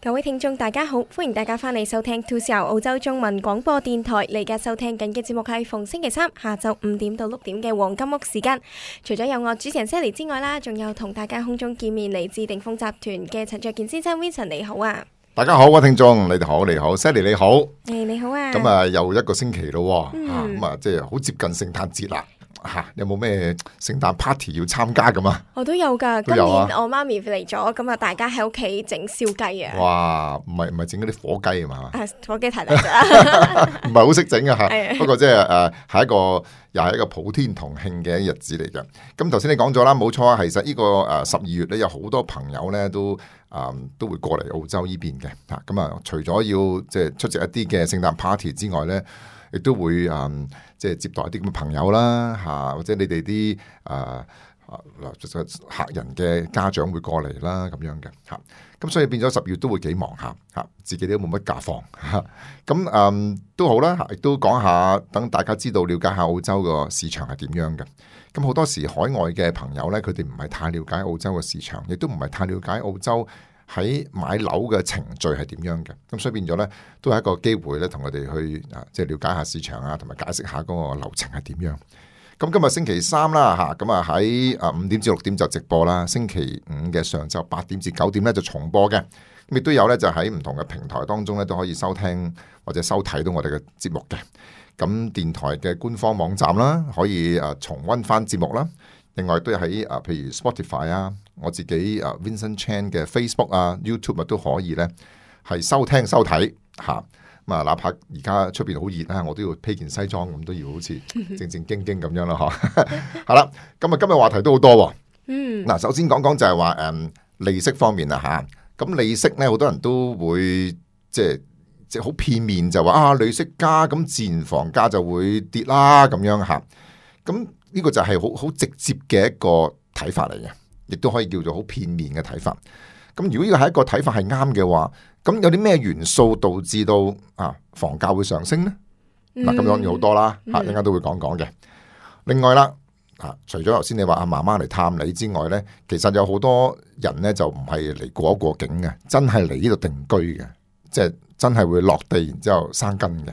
各位聽眾大家好，歡迎大家翻嚟收聽 2CR 澳洲中文廣播電台。而家收聽緊嘅節目係逢星期三下晝五點到六點嘅黃金屋時間。除咗有我主持人 Sherry 之外啦，仲有同大家空中見面嚟自鼎豐集團嘅陳焯楗先生 Vincent，你好啊！大家好，啊聽眾，你哋好，你好，Sherry 你好，誒你好啊！咁啊又一個星期咯，咁啊即係好接近聖誕節啦。吓、啊，有冇咩聖誕 party 要參加咁啊？我、哦、都有噶今年我媽咪嚟咗，咁啊，大家喺屋企整燒雞啊！哇，唔係唔係整嗰啲火雞啊嘛？啊火雞太大，唔係好識整啊吓。 不過即係誒，係、啊、一個又係一個普天同慶嘅日子嚟嘅。咁頭先你講咗啦，冇錯啊。其實這個呢個誒十二月咧，有好多朋友咧都、嗯、都會過嚟澳洲呢邊嘅。吓咁啊，嗯、除咗要即係、就是、出席一啲嘅聖誕 party 之外咧。亦都會啊，即係接待一啲咁嘅朋友啦，嚇或者你哋啲啊客人嘅家長會過嚟啦，咁樣嘅嚇。咁所以變咗十月都會幾忙下嚇，自己都冇乜假放嚇。咁嗯都好啦，亦都講下等大家知道了解下澳洲個市場係點樣嘅。咁好多時海外嘅朋友呢，佢哋唔係太了解澳洲嘅市場，亦都唔係太了解澳洲。喺買樓嘅程序係點樣嘅？咁所以變咗呢，都係一個機會咧，同我哋去啊，即係了解下市場啊，同埋解釋下嗰個流程係點樣。咁今日星期三啦，吓，啊，咁啊喺啊五點至六點就直播啦。星期五嘅上晝八點至九點咧就重播嘅。咁亦都有咧就喺唔同嘅平台當中咧都可以收聽或者收睇到我哋嘅節目嘅。咁電台嘅官方網站啦，可以啊重溫翻節目啦。另外都喺啊譬如 Spotify 啊。我自己啊，Vincent Chan 嘅 Facebook 啊、YouTube 啊都可以咧，係收聽收睇吓。咁啊，哪怕而家出邊好熱啦，啊，我都要披件西裝，咁都要好似正正經經咁樣啦，嗬、啊。好 啦， 今日今日話題都好多，啊。嗯，嗱，首先講講就係話誒，利息方面啦吓。咁、啊、利息咧，好多人都會即係即係好片面就話啊，利息加，咁自然房價就會跌啦咁樣吓。咁、啊、呢個就係好好直接嘅一個睇法嚟嘅。亦都可以叫做好片面嘅睇法。咁如果呢個係一個睇法係啱嘅話，咁有啲咩元素導致到啊房價會上升呢？嗱、mm -hmm. mm -hmm.，咁當然好多啦，一陣間都會講講嘅。另外啦，啊，除咗頭先你話阿媽媽嚟探你之外呢，其實有好多人呢就唔係嚟過一過境嘅，真係嚟呢度定居嘅，即係真係會落地然之後生根嘅。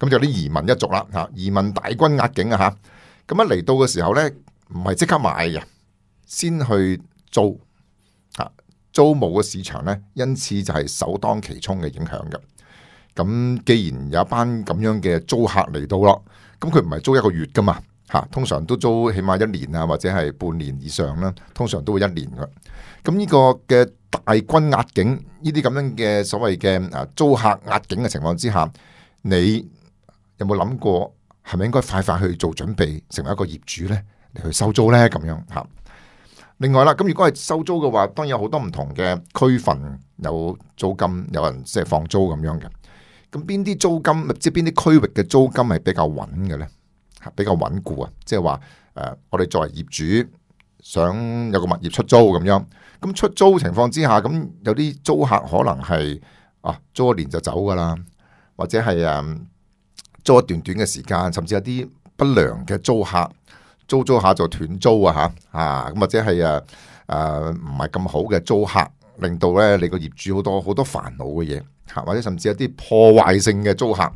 咁就啲移民一族啦，吓，移民大軍壓境啊吓。咁一嚟到嘅時候呢，唔係即刻買嘅。先去租，吓租務，嘅市場呢，因此就係首當其衝嘅影響嘅。咁既然有一班咁樣嘅租客嚟到咯，咁佢唔係租一個月噶嘛吓，通常都租起碼一年啊，或者係半年以上啦，通常都會一年嘅。咁呢個嘅大軍壓境，呢啲咁樣嘅所謂嘅啊租客壓境嘅情況之下，你有冇諗過係咪應該快快去做準備，成為一個業主呢？你去收租呢，咁樣吓？另外啦，咁如果係收租嘅話，當然有好多唔同嘅區份有租金，有人即係放租咁樣嘅。咁邊啲租金，即係邊啲區域嘅租金係比較穩嘅咧？比較穩固啊！即係話誒，我哋作為業主想有個物業出租咁樣。咁出租情況之下，咁有啲租客可能係啊租一年就走噶啦，或者係誒租一段短嘅時間，甚至有啲不良嘅租客。租租下就斷租啊！吓，啊咁或者係誒誒唔係咁好嘅租客，令到咧你個業主好多好多煩惱嘅嘢，或者甚至有啲破壞性嘅租客，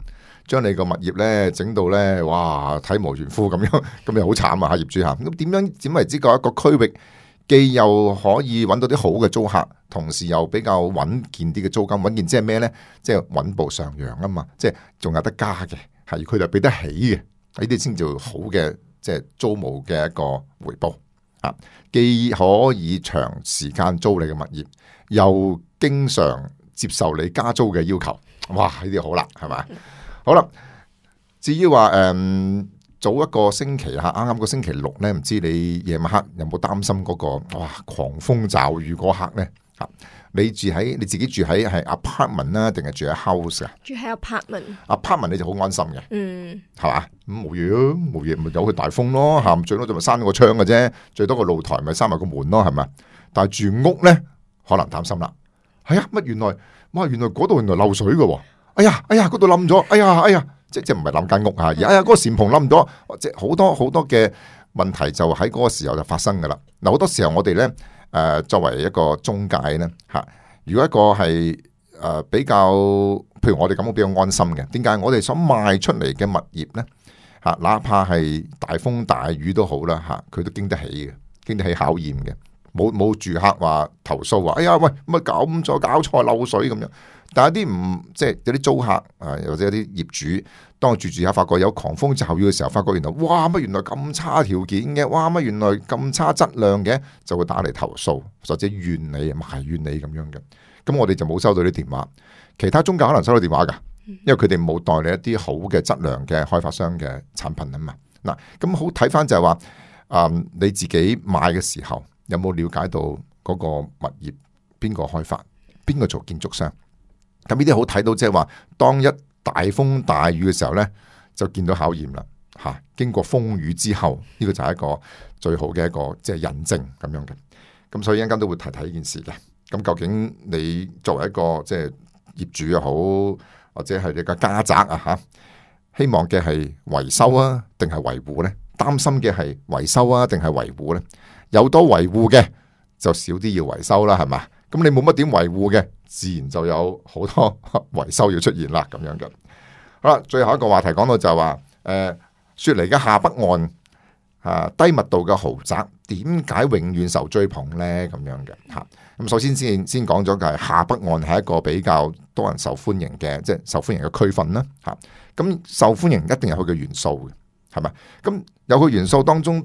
將你個物業咧整到咧哇體無完膚咁樣，咁你好慘啊！吓，業主吓，咁點樣點為之個一個區域，既又可以揾到啲好嘅租客，同時又比較穩健啲嘅租金，穩健即係咩咧？即係穩步上揚啊嘛，即係仲有得加嘅，係佢就俾得起嘅，呢啲先至好嘅。即係租務嘅一個回報，既可以長時間租你嘅物業，又經常接受你加租嘅要求，哇！呢啲好啦，係咪？ 好啦，至於話誒，早一個星期吓，啱啱個星期六呢，唔知你夜晚黑有冇擔心嗰、嗰個哇狂風驟雨嗰刻呢？啊？你住喺你自己住喺係 apartment 啦、啊，定係住喺 house 啊？住喺 apartment，apartment 你就好安心嘅。嗯，係嘛，咁冇嘢，冇嘢，咪有佢大風咯。吓，最多就咪閂個窗嘅啫，最多個露台咪閂埋個門咯，係咪？但係住屋咧，可能擔心啦。係、哎、啊，乜原來，哇，原來嗰度原來漏水嘅。哎呀，哎呀，嗰度冧咗。哎呀，哎呀，即係即唔係冧間屋啊？而哎呀嗰、那個檐篷冧咗，即好多好多嘅問題就喺嗰個時候就發生噶啦。嗱，好多時候我哋咧。誒、呃、作為一個中介呢，嚇，如果一個係誒、呃、比較，譬如我哋感覺比較安心嘅。點解？我哋想賣出嚟嘅物業呢？嚇、呃，哪怕係大風大雨都好啦嚇，佢、呃、都經得起嘅，經得起考驗嘅。冇冇住客話投訴話，哎呀喂，咪搞錯，搞錯搞錯漏水咁樣。但係啲唔即係有啲租客啊、呃，或者有啲業主。當我住住下，發覺有狂風驟雨嘅時候，發覺原來哇乜，原來咁差條件嘅，哇乜，原來咁差質量嘅，就會打嚟投訴或者怨你埋怨你咁樣嘅。咁我哋就冇收到啲電話，其他中介可能收到電話噶，因為佢哋冇代理一啲好嘅質量嘅開發商嘅產品啊嘛。嗱、就是，咁好睇翻就係話，啊你自己買嘅時候有冇了解到嗰個物業邊個開發，邊個做建築商？咁呢啲好睇到即係話，當一大風大雨嘅時候呢，就見到考驗啦，吓、啊、經過風雨之後，呢、這個就係一個最好嘅一個即係印證咁樣嘅。咁所以一陣間都會提提呢件事嘅。咁究竟你作為一個即係、就是、業主又好，或者係你嘅家宅啊吓、啊，希望嘅係維修啊，定係維護呢？擔心嘅係維修啊，定係維護呢？有多維護嘅，就少啲要維修啦，係嘛？咁你冇乜點維護嘅，自然就有好多維修要出現啦，咁樣嘅。好啦，最後一個話題講到就係話，誒、呃，雪梨嘅下北岸啊，低密度嘅豪宅，點解永遠受追捧呢？咁樣嘅吓。咁、啊嗯、首先先先講咗嘅係下北岸係一個比較多人受歡迎嘅，即、就、係、是、受歡迎嘅區份啦。吓、啊，咁、嗯、受歡迎一定有佢嘅元素嘅，係咪？咁有佢元素當中，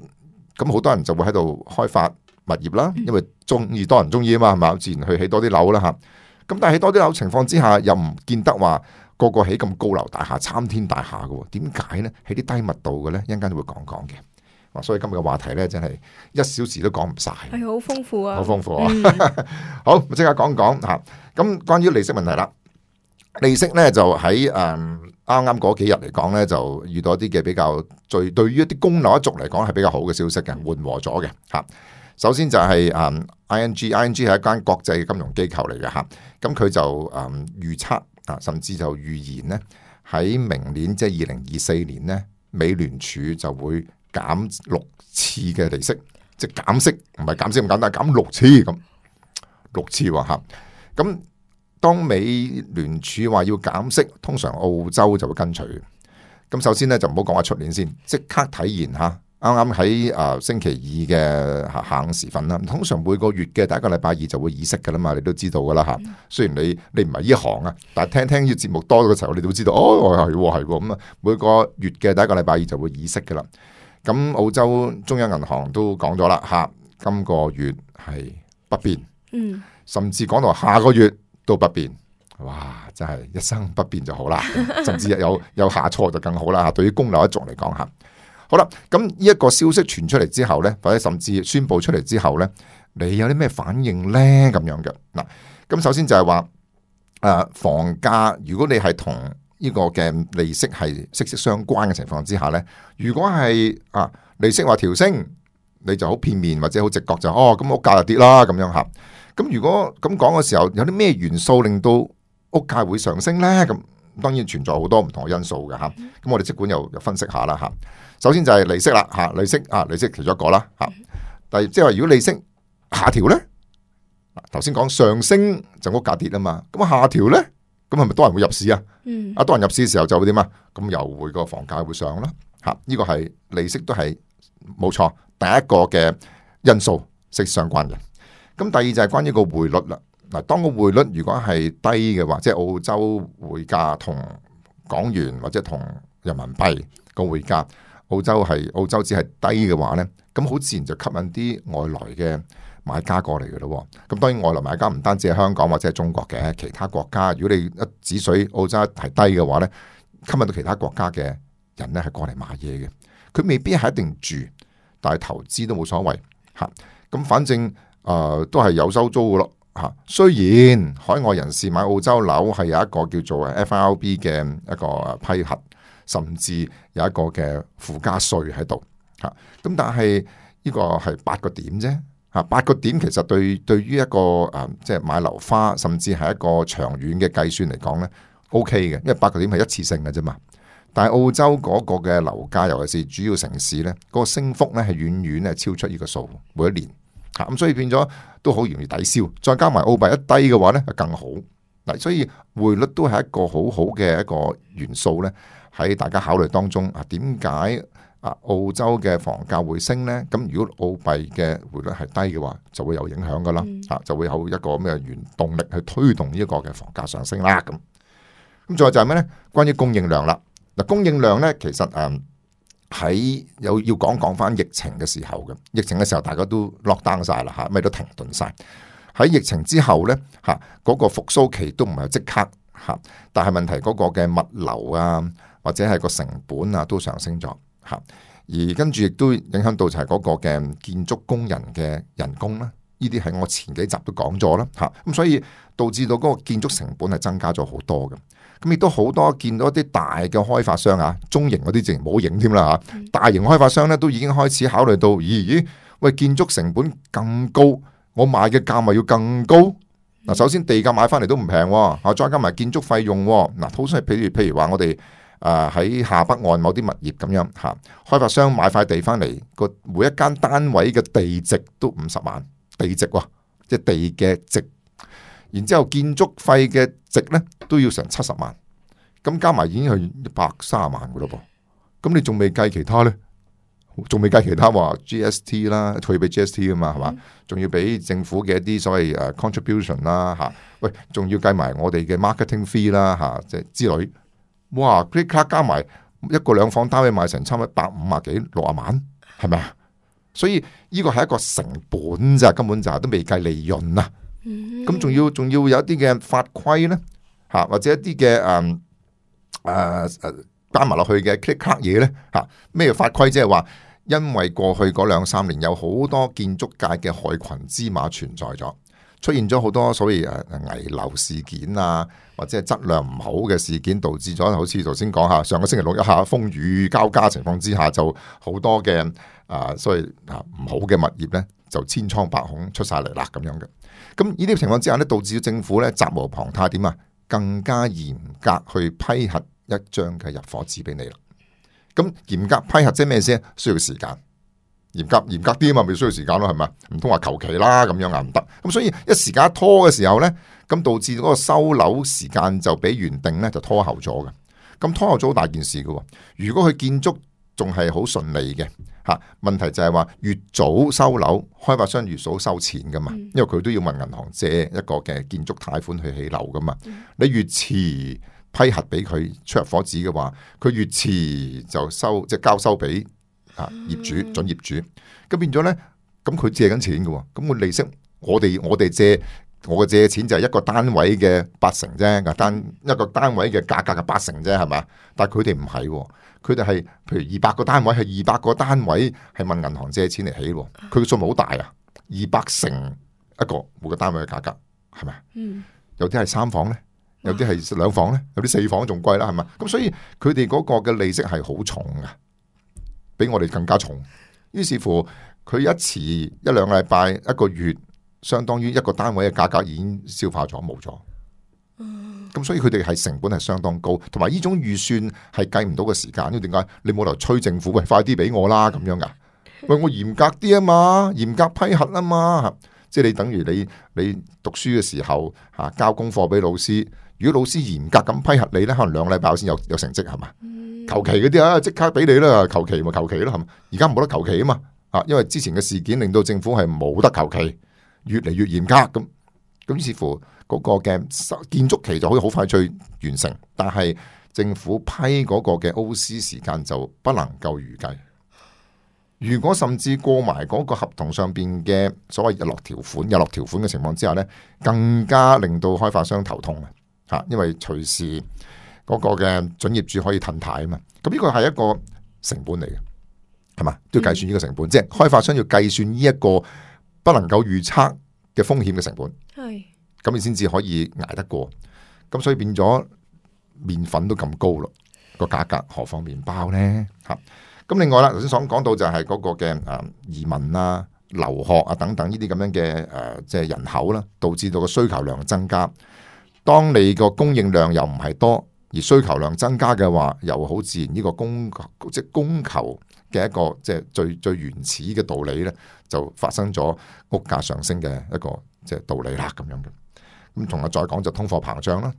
咁好多人就會喺度開發。物業啦，因為中意多人中意啊嘛，係嘛，自然去起多啲樓啦吓。咁但係起多啲樓情況之下，又唔見得話個個起咁高樓大廈、參天大廈嘅。點解呢？起啲低密度嘅呢，會會講，一陣間會講講嘅。所以今日嘅話題呢，真係一小時都講唔晒，係好豐富啊，好豐富啊。嗯、 好，我即刻講講吓。咁、啊、關於利息問題啦，利息呢，就喺誒啱啱嗰幾日嚟講呢，就遇到一啲嘅比較最對於一啲供樓一族嚟講係比較好嘅消息嘅，緩和咗嘅吓。啊首先就係 ING，ING 係一間國際金融機構嚟嘅吓，咁佢就啊預測啊，甚至就預言呢喺明年即係二零二四年呢，美聯儲就會減六次嘅利息，即係減息，唔係減息咁簡單，減六次咁六次喎吓，咁當美聯儲話要減息，通常澳洲就會跟隨。咁首先呢，就唔好講話出年先，即刻體現吓。啱啱喺誒星期二嘅下午時分啦，通常每個月嘅第一個禮拜二就會議息噶啦嘛，你都知道噶啦吓。雖然你你唔係呢行啊，但係聽聽呢節目多嘅時候，你都知道哦，係係咁啊。每個月嘅第一個禮拜二就會議息噶啦。咁澳洲中央銀行都講咗啦，吓今個月係不變，嗯，甚至講到下個月都不變。哇，真係一生不變就好啦，甚至有有下挫就更好啦。對於供樓一族嚟講吓。好啦，咁呢一個消息傳出嚟之後呢，或者甚至宣布出嚟之後呢，你有啲咩反應呢？咁樣嘅嗱，咁首先就係話，誒，房價如果你係同呢個嘅利息係息息相關嘅情況之下呢，如果係啊，利息話調升，你就好片面或者好直覺就哦，咁屋價就跌啦咁樣吓。咁如果咁講嘅時候，有啲咩元素令到屋價會上升呢？咁？當然存在好多唔同嘅因素嘅吓，咁我哋即管又又分析下啦吓。首先就係利息啦吓，利息啊，利息其中一個啦吓。但係即係話，如果利息下調咧，頭先講上升就屋價跌啦嘛，咁啊下調咧，咁係咪多人會入市啊？啊，多人入市嘅時候就會點啊？咁又會個房價會上啦吓，呢個係利息都係冇錯，第一個嘅因素息息相關嘅。咁第二就係關於個匯率啦。嗱，當個匯率如果係低嘅話，即係澳洲匯價同港元或者同人民幣個匯價，澳洲係澳洲只係低嘅話呢，咁好自然就吸引啲外來嘅買家過嚟嘅咯。咁當然外來買家唔單止係香港或者係中國嘅，其他國家如果你一止水澳洲係低嘅話呢，吸引到其他國家嘅人呢係過嚟買嘢嘅。佢未必係一定住，但係投資都冇所謂嚇。咁反正誒都係有收租嘅咯。雖然海外人士買澳洲樓係有一個叫做 FIRB 嘅一個批核，甚至有一個嘅附加稅喺度，吓，咁但係呢個係八個點啫，吓，八個點其實對對於一個誒即係買樓花，甚至係一個長遠嘅計算嚟講呢 OK 嘅，因為八個點係一次性嘅啫嘛。但係澳洲嗰個嘅樓價，尤其是主要城市呢，嗰個升幅呢係遠遠咧超出呢個數，每一年。咁、啊、所以變咗都好容易抵消，再加埋澳幣一低嘅話呢，更好。嗱，所以匯率都係一個好好嘅一個元素呢。喺大家考慮當中。啊，點解啊澳洲嘅房價會升呢？咁如果澳幣嘅匯率係低嘅話，就會有影響噶啦。吓、嗯啊，就會有一個咩原動力去推動呢一個嘅房價上升啦。咁咁再就係咩呢？關於供應量啦。嗱、啊，供應量呢，其實誒。嗯喺有要講講翻疫情嘅時候嘅，疫情嘅時候大家都落單晒啦吓，咩都停頓晒。喺疫情之後呢，吓，嗰個復蘇期都唔係即刻吓，但係問題嗰個嘅物流啊，或者係個成本啊都上升咗吓，而跟住亦都影響到就係嗰個嘅建築工人嘅人工啦，呢啲係我前幾集都講咗啦吓，咁所以導致到嗰個建築成本係增加咗好多嘅。咁亦都好多見到一啲大嘅開發商啊，中型嗰啲直情冇影添啦吓，大型開發商咧都已經開始考慮到，咦？喂，建築成本咁高，我賣嘅價咪要更高？嗱，首先地價買翻嚟都唔平，吓，再加埋建築費用，嗱，好似譬如譬如話我哋誒喺下北岸某啲物業咁樣吓，開發商買塊地翻嚟，個每一間單位嘅地值都五十萬，地值即係地嘅值。然之後建築費嘅值咧都要成七十萬，咁加埋已經係一百卅萬噶咯噃，咁你仲未計其他咧？仲未計其他話 G S T 啦，退俾 G S T 啊嘛，係嘛？仲、嗯、要俾政府嘅一啲所謂誒 contribution 啦，吓、啊，喂，仲要計埋我哋嘅 marketing fee 啦，吓、啊，即係之類。哇 click 加埋一個兩房單位賣成差唔多百五啊幾六啊萬，係咪啊？所以呢、這個係一個成本咋，根本就都未計利潤啊！咁、嗯、仲要仲要有一啲嘅法規呢，吓，或者一啲嘅誒誒加埋落去嘅 click 嘢呢？吓，咩法規？即係話，因為過去嗰兩三年有好多建築界嘅害群之馬存在咗，出現咗好多所謂誒危樓事件啊，或者係質量唔好嘅事件，導致咗好似頭先講下，上個星期六一下風雨交加情況之下，就很多的好多嘅誒，所謂吓唔好嘅物業呢，就千瘡百孔出晒嚟啦，咁樣嘅。咁呢啲情況之下咧，導致政府咧，責無旁貸，點啊更加嚴格去批核一張嘅入伙紙俾你啦。咁嚴格批核即係咩意思？需要時間，嚴格嚴格啲啊嘛，咪需要時間咯，係嘛？唔通話求其啦咁樣啊唔得。咁所以一時間拖嘅時候咧，咁導致嗰個收樓時間就比原定咧就拖後咗嘅。咁拖後咗好大件事噶。如果佢建築仲係好順利嘅。啊！問題就係話越早收樓，開發商越早收錢噶嘛，因為佢都要問銀行借一個嘅建築貸款去起樓噶嘛。你越遲批核俾佢出入伙紙嘅話，佢越遲就收即係、就是、交收俾啊業主、準業主，咁變咗呢，咁佢借緊錢嘅喎，咁個利息我哋我哋借。我嘅借錢就係一個單位嘅八成啫，但一個單位嘅價格嘅八成啫，係嘛？但佢哋唔係，佢哋係譬如二百個單位係二百個單位係問銀行借錢嚟起、啊，佢嘅數目好大啊，二百成一個每個單位嘅價格係咪？嗯，有啲係三房咧，有啲係兩房咧，有啲四房仲貴啦，係嘛？咁所以佢哋嗰個嘅利息係好重噶，比我哋更加重。於是乎，佢一遲一兩禮拜一個月。相當於一個單位嘅價格已經消化咗冇咗，咁所以佢哋係成本係相當高，同埋呢種預算係計唔到嘅時間。因為點解你冇理由催政府喂，快啲俾我啦咁樣噶？喂，我嚴格啲啊嘛，嚴格批核啊嘛，即係你等於你你讀書嘅時候吓、啊、交功課俾老師，如果老師嚴格咁批核你呢，可能兩禮拜先有有成績係嘛？求其嗰啲啊，即刻俾你啦，求其咪求其咯，係嘛？而家冇得求其啊嘛，啊因為之前嘅事件令到政府係冇得求其。越嚟越嚴格咁，咁於是乎嗰個嘅建築期就可以好快脆完成，但係政府批嗰個嘅 O.C. 時間就不能夠預計。如果甚至過埋嗰個合同上邊嘅所謂日落條款，日落條款嘅情況之下呢，更加令到開發商頭痛啊！吓，因為隨時嗰個嘅準業主可以停貸啊嘛，咁呢個係一個成本嚟嘅，係嘛都要計算呢個成本，即係開發商要計算呢一個。不能夠預測嘅風險嘅成本，係咁你先至可以挨得過，咁所以變咗麵粉都咁高咯，個價格何況麵包呢？吓，咁另外啦，頭先所講到就係嗰個嘅誒移民啦、啊、留學啊等等呢啲咁樣嘅誒即係人口啦，導致到個需求量增加。當你個供應量又唔係多，而需求量增加嘅話，又好自然呢個供即係供求。嘅一個即係最最原始嘅道理咧，就發生咗屋價上升嘅一個即係道理啦，咁樣嘅。咁同埋再講就通貨膨脹啦，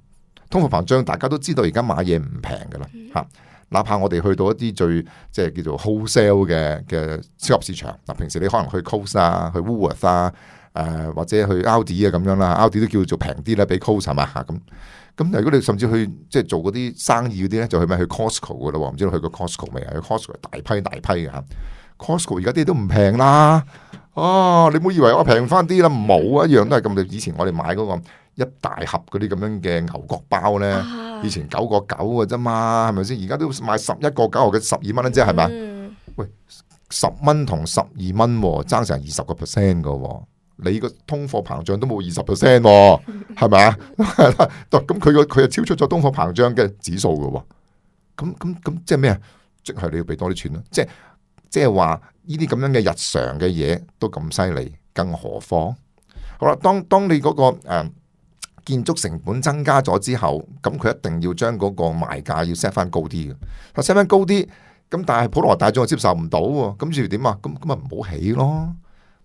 通貨膨脹大家都知道而家買嘢唔平嘅啦嚇，哪怕我哋去到一啲最即係、就是、叫做 wholesale 嘅嘅超級市場，嗱，平時你可能去 cost 啊，去 woolworth 啊，誒、呃、或者去 audi 啊咁樣啦，audi 都叫做平啲啦，比 cost 係嘛咁。咁如果你甚至去即係做嗰啲生意嗰啲咧，就去咩？去 Costco 嘅咯、啊，唔知道去過 Costco 未啊？去 Costco 大批大批嘅吓、mm -hmm.，Costco 而家啲都唔平啦。哦、啊，你唔好以為我平翻啲啦，冇啊，一樣都係咁。以前我哋買嗰個一大盒嗰啲咁樣嘅牛角包咧，ah. 以前九個九嘅啫嘛，係咪先？買而家都賣十一個九，或者十二蚊啫，係咪啊？喂，十蚊同十二蚊爭成二十個 percent 嘅。你個通貨膨脹都冇二十 percent，係咪？咁佢個佢又超出咗通貨膨脹嘅指數噶，咁咁咁即係咩啊？即係你要俾多啲錢咯，即係即係話呢啲咁樣嘅日常嘅嘢都咁犀利，更何況？好啦，當當你嗰、那個誒、呃、建築成本增加咗之後，咁佢一定要將嗰個賣價要 set 翻高啲嘅，set 翻高啲，咁但係普羅大眾接受唔到，咁於是點啊？咁咁咪唔好起咯。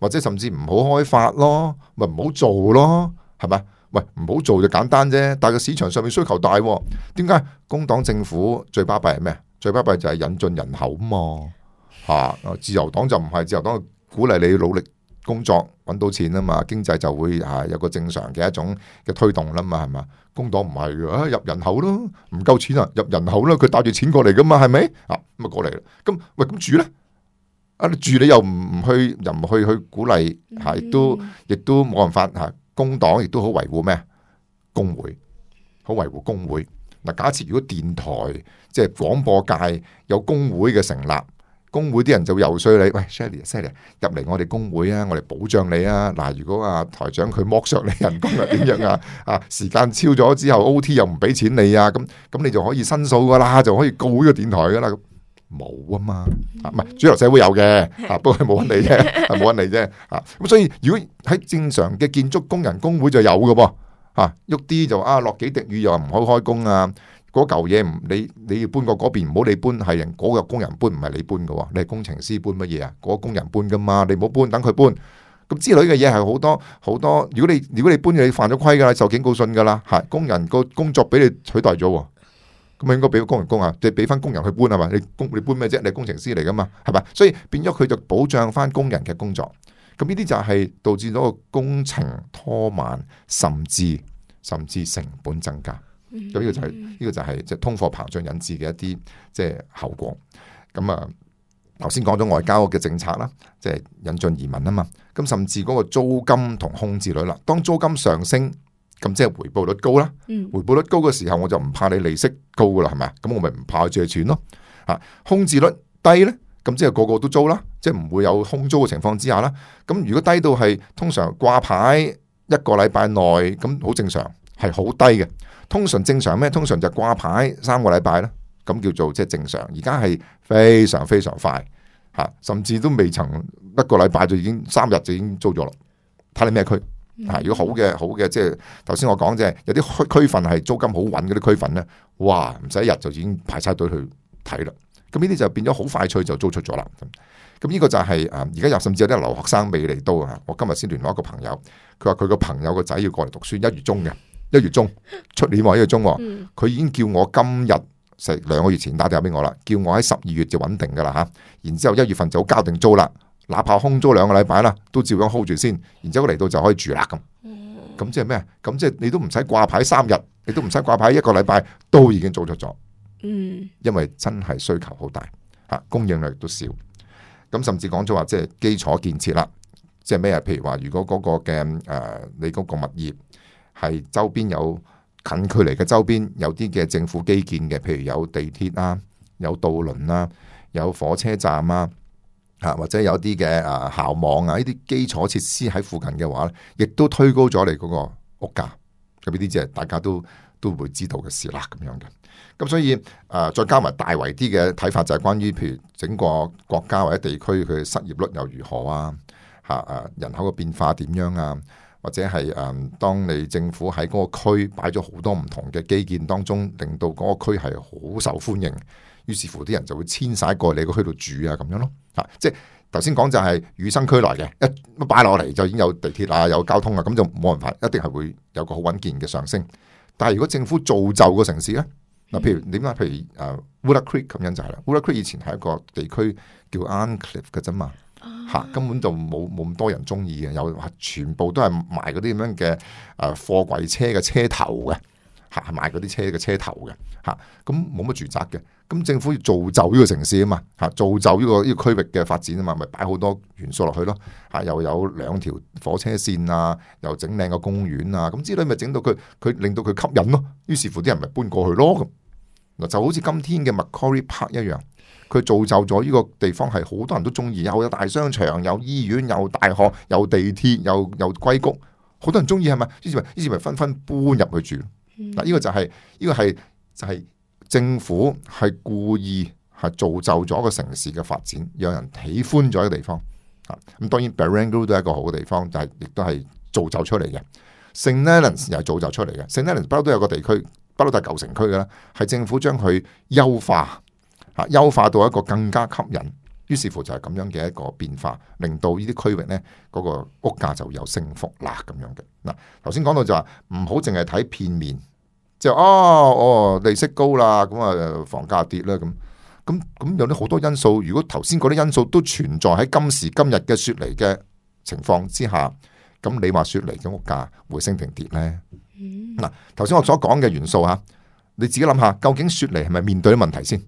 或者甚至唔好開發咯，咪唔好做咯，係咪？喂，唔好做就簡單啫。但係個市場上面需求大，點解工黨政府最巴閉係咩？最巴閉就係引進人口嘛。吓、啊，自由黨就唔係，自由黨鼓勵你努力工作，揾到錢啊嘛，經濟就會啊有個正常嘅一種嘅推動啦嘛，係嘛？工黨唔係嘅，入人口咯，唔夠錢啊，入人口咯，佢帶住錢過嚟噶嘛，係咪啊？咁啊過嚟，咁喂咁住咧？啊！住你又唔去，又唔去去鼓勵吓，亦、啊、都亦都冇辦法吓、啊。工黨亦都好維護咩？工會好維護工會。嗱、啊，假設如果電台即係廣播界有工會嘅成立，工會啲人就遊說你喂，Shirley Shirley 入嚟我哋工會啊，我哋保障你啊。嗱、啊，如果啊台長佢剝削你人工又點樣啊？啊，時間超咗之後 OT 又唔俾錢你啊？咁咁你就可以申訴噶啦，就可以告呢個電台噶啦。冇啊嘛，唔係主流社會有嘅，吓，不 過係冇人理啫，係冇人理啫，吓。咁所以如果喺正常嘅建築工人工會就有嘅喎、啊，吓，喐啲就啊落幾滴雨又唔可以開工啊，嗰嚿嘢唔你你要搬過嗰邊，唔好你搬，係人嗰、那個工人搬，唔係你搬嘅、啊，你係工程師搬乜嘢啊？嗰、那個、工人搬噶嘛，你唔好搬，等佢搬。咁之類嘅嘢係好多好多。如果你如果你搬你犯咗規噶啦，受警告信噶啦，吓，工人個工作俾你取代咗。咁咪應該俾個工人工啊？即係俾翻工人去搬係嘛？你工你搬咩啫？你工程師嚟㗎嘛？係嘛？所以變咗佢就保障翻工人嘅工作。咁呢啲就係導致咗個工程拖慢，甚至甚至成本增加。咁、嗯、呢個就係、係、呢、呢個就係即係通貨膨脹引致嘅一啲即係後果。咁啊，頭先講咗外交嘅政策啦，即、就、係、係、引進移民啊嘛。咁甚至嗰個租金同空置率啦，當租金上升。咁即係回報率高啦，回報率高嘅時候我就唔怕你利息高噶啦，係咪啊？咁我咪唔怕借錢咯。吓，空置率低呢，咁即係個個都租啦，即係唔會有空租嘅情況之下啦。咁如果低到係通常掛牌一個禮拜內，咁好正常係好低嘅。通常正常咩？通常就掛牌三個禮拜啦，咁叫做即係正常。而家係非常非常快吓，甚至都未曾一個禮拜就已經三日就已經租咗啦。睇你咩區？啊、嗯！如果好嘅好嘅，即係頭先我講即係，有啲區份係租金好穩嗰啲區份咧，哇！唔使一日就已經排晒隊去睇啦。咁呢啲就變咗好快脆就租出咗啦。咁呢個就係、是、誒，而家又甚至有啲留學生未嚟到啊。我今日先聯絡一個朋友，佢話佢個朋友個仔要過嚟讀書，一月中嘅一月中出年喎，一月中喎，佢已經叫我今日成兩個月前打電話俾我啦，叫我喺十二月就穩定噶啦吓，然之後一月份就交定租啦。哪怕空咗兩個禮拜啦，都照樣 hold 住先，然之後嚟到就可以住啦咁。咁即係咩？咁即係你都唔使掛牌三日，你都唔使掛牌一個禮拜，都已經做咗咗。嗯，因為真係需求好大吓，供應量亦都少。咁甚至講咗話，即係基礎建設啦，即係咩啊？譬如話，如果嗰個嘅誒、呃，你嗰個物業係周邊有近距離嘅周邊有啲嘅政府基建嘅，譬如有地鐵啊，有渡輪啦，有火車站啊。或者有啲嘅啊校網啊，呢啲基礎設施喺附近嘅話，亦都推高咗你嗰個屋價。咁呢啲即係大家都都會知道嘅事啦，咁樣嘅。咁所以誒、呃，再加埋大圍啲嘅睇法，就係關於譬如整個國家或者地區佢嘅失業率又如何啊？嚇、啊、誒人口嘅變化點樣啊？或者係誒、嗯，當你政府喺嗰個區擺咗好多唔同嘅基建當中，令到嗰個區係好受歡迎，於是乎啲人就會遷徙過你嗰區度住啊，咁樣咯。啊、即係頭先講就係與生俱來嘅，一擺落嚟就已經有地鐵啊，有交通啊，咁就冇辦法，一定係會有個好穩健嘅上升。但係如果政府造就個城市咧，嗱、嗯啊，譬如點解？譬如誒，Wolli Creek 咁樣就係、是、啦。Wolli Creek、嗯、以前係一個地區叫 Arncliffe 嘅啫嘛，吓、啊啊、根本就冇冇咁多人中意嘅，有全部都係賣嗰啲咁樣嘅誒貨櫃車嘅車頭嘅。係埋嗰啲車嘅車頭嘅，吓、咁冇乜住宅嘅，咁政府要造就呢個城市啊嘛，吓、造就呢個呢個區域嘅發展啊嘛，咪擺好多元素落去咯，吓、又有兩條火車線啊，又整靚個公園啊，咁之類咪整到佢佢令到佢吸引咯，於是乎啲人咪搬過去咯咁，嗱、就好似今天嘅 Macquarie Park 一樣，佢造就咗呢個地方係好多人都中意，又有，有大商場，有醫院，有大學，有地鐵，又有硅谷，好多人中意係咪？於是咪於是乎紛紛搬入去住。嗱、嗯、呢、這個就係、是、呢、這個係就係、是、政府係故意係造就咗個城市嘅發展，讓人喜歡咗一個地方。啊，咁當然 Barangaroo 都係一個好嘅地方，但係亦都係造就出嚟嘅。聖奈倫又係造就出嚟嘅。聖奈倫不嬲都有個地區，不嬲都係舊城區嘅啦，係政府將佢優化，啊，優化到一個更加吸引。於是乎就係咁樣嘅一個變化，令到呢啲區域呢嗰個屋價就有升幅啦咁樣嘅。嗱，頭先講到就話唔好淨係睇片面，即係啊哦，利息高啦，咁啊房價跌啦咁咁咁有啲好多因素。如果頭先嗰啲因素都存在喺今時今日嘅雪梨嘅情況之下，咁你話雪梨嘅屋價會升定跌呢？嗱、嗯，頭先我所講嘅元素嚇，你自己諗下，究竟雪梨係咪面對啲問題先？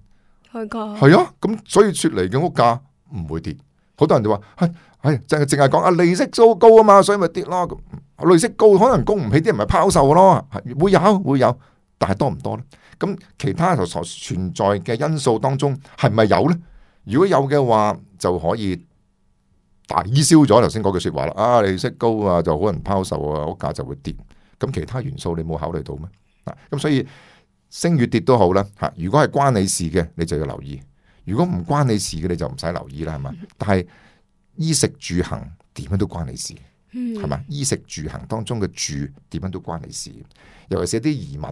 係啊，咁所以出嚟嘅屋價唔會跌，好多人就話係係，淨係淨係講啊利息高高啊嘛，所以咪跌咯。咁利息高可能供唔起啲人咪拋售咯，會有會有，但係多唔多呢？咁其他所存在嘅因素當中係咪有呢？如果有嘅話就可以抵消咗頭先嗰句說話啦。啊，利息高啊，就可能拋售啊，屋價就會跌。咁其他元素你冇考慮到咩？咁所以。升與跌都好啦，吓！如果係關你事嘅，你就要留意；如果唔關你事嘅，你就唔使留意啦，係嘛？ 但係衣食住行點樣都關你事，係嘛？ 衣食住行當中嘅住點樣都關你事，尤其是啲移民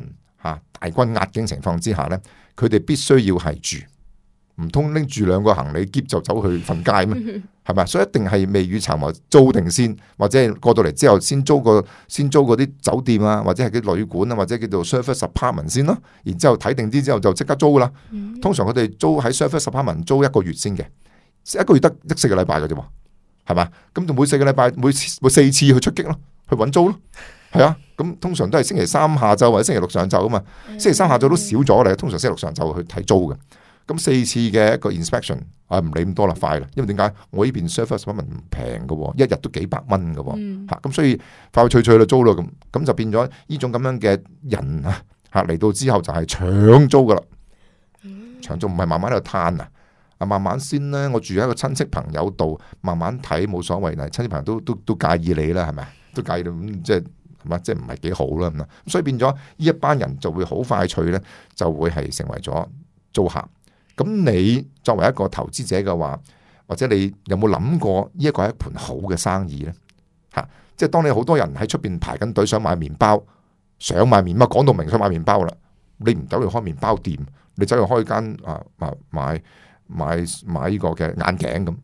吓、啊，大軍壓境情況之下咧，佢哋必須要係住，唔通拎住兩個行李喼就走去瞓街咩？ 係嘛？所以一定係未雨綢繆租定先，或者係過到嚟之後先租個，先租啲酒店啊，或者係啲旅館啊，或者叫做 service apartment 先咯、啊。然之後睇定啲之後就即刻租噶啦。通常佢哋租喺 service apartment 租一個月先嘅，一個月得一四個禮拜嘅啫，係嘛？咁就每四個禮拜每次每四次去出擊咯，去搵租咯。係啊，咁通常都係星期三下晝或者星期六上晝啊嘛。星期三下晝都少咗嚟，通常星期六上晝去睇租嘅。咁四次嘅一個 inspection，啊唔理咁多啦，快啦！因為點解我呢邊 surface apartment 唔平㗎喎，平嘅，一日都幾百蚊嘅，吓、嗯、咁所以快快脆脆就租啦咁，咁就變咗呢種咁樣嘅人啊，吓嚟到之後就係搶租噶啦，搶租唔係慢慢喺度嘆啊，啊慢慢先呢。我住喺個親戚朋友度，慢慢睇冇所謂，但親戚朋友都都都介意你啦，係咪？都介意到咁即係係嘛，即係唔係幾好啦咁啊，所以變咗呢一班人就會好快脆咧，就會係成為咗租客。咁你作為一個投資者嘅話，或者你有冇諗過呢一個係一盤好嘅生意呢？吓、啊，即係當你好多人喺出邊排緊隊想買麵包，想買麵包，講到明想買麵包啦，你唔走去開麵包店，你走去開間啊買買買呢個嘅眼鏡咁，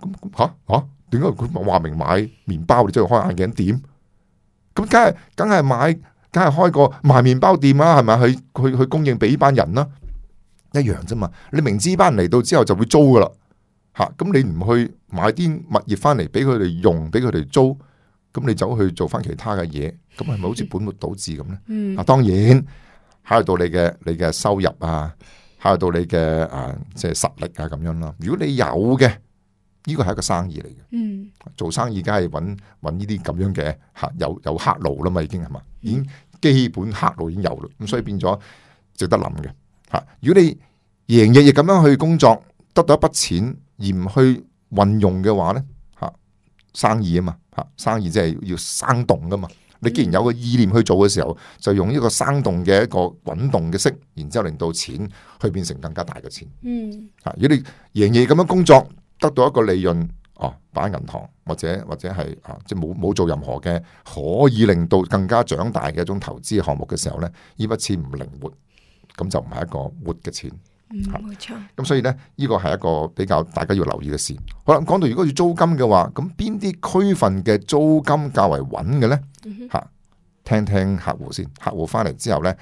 咁吓吓，點解佢話明買麵包，你走去開眼鏡店？咁梗係梗係買，梗係開個賣麵包店啊，係咪去去去供應俾呢班人啦、啊？一樣啫嘛，你明知班人嚟到之後就會租噶啦，吓，咁你唔去買啲物業翻嚟俾佢哋用，俾佢哋租，咁你走去做翻其他嘅嘢，咁係咪好似本末倒置咁咧？啊、嗯，當然考慮到你嘅你嘅收入啊，考慮到你嘅誒即係實力啊咁樣啦。如果你有嘅，呢個係一個生意嚟嘅。嗯，做生意梗係揾揾呢啲咁樣嘅客有有客路啦嘛已，已經係嘛，已經基本客路已經有啦，咁所以變咗值得諗嘅。吓，如果你營營役役咁樣去工作，得到一筆錢而唔去運用嘅話咧，吓生意啊嘛，吓生意即係要生動噶嘛。你既然有個意念去做嘅時候，就用呢個生動嘅一個滾動嘅息，然之後令到錢去變成更加大嘅錢。嗯，吓，如果你營營役役咁樣工作，得到一個利潤，哦、啊，擺銀行或者或者係吓、啊，即係冇冇做任何嘅可以令到更加長大嘅一種投資項目嘅時候咧，呢筆錢唔靈活。咁就唔係一個活嘅錢，嗯、冇錯。咁所以咧，呢個係一個比較大家要留意嘅事。好啦，講到如果要租金嘅話，咁邊啲區份嘅租金較為穩嘅咧？吓、嗯，聽聽客戶先。客戶翻嚟之後咧，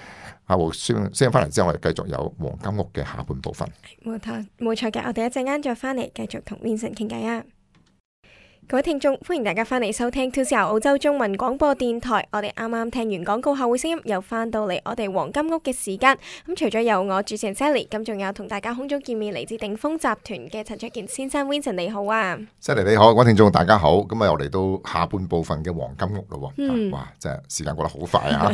客戶先先翻嚟之後，之後我哋繼續有黃金屋嘅下半部分。冇錯，冇錯嘅。我哋一陣間再翻嚟，繼續同 Vanson 傾偈啊。各位聽眾，歡迎大家翻嚟收聽 Today 澳洲中文廣播電台。我哋啱啱聽完廣告後嘅聲音，又翻到嚟我哋黃金屋嘅時間。咁除咗有我主持人 Sally，咁仲有同大家空中見面嚟自鼎豐集團嘅陳焯楗先生 Vincent，你好啊！Sally 你好，各位聽眾大家好。咁啊，又嚟到下半部分嘅黃金屋咯。嗯。哇，真係時間過得好快啊！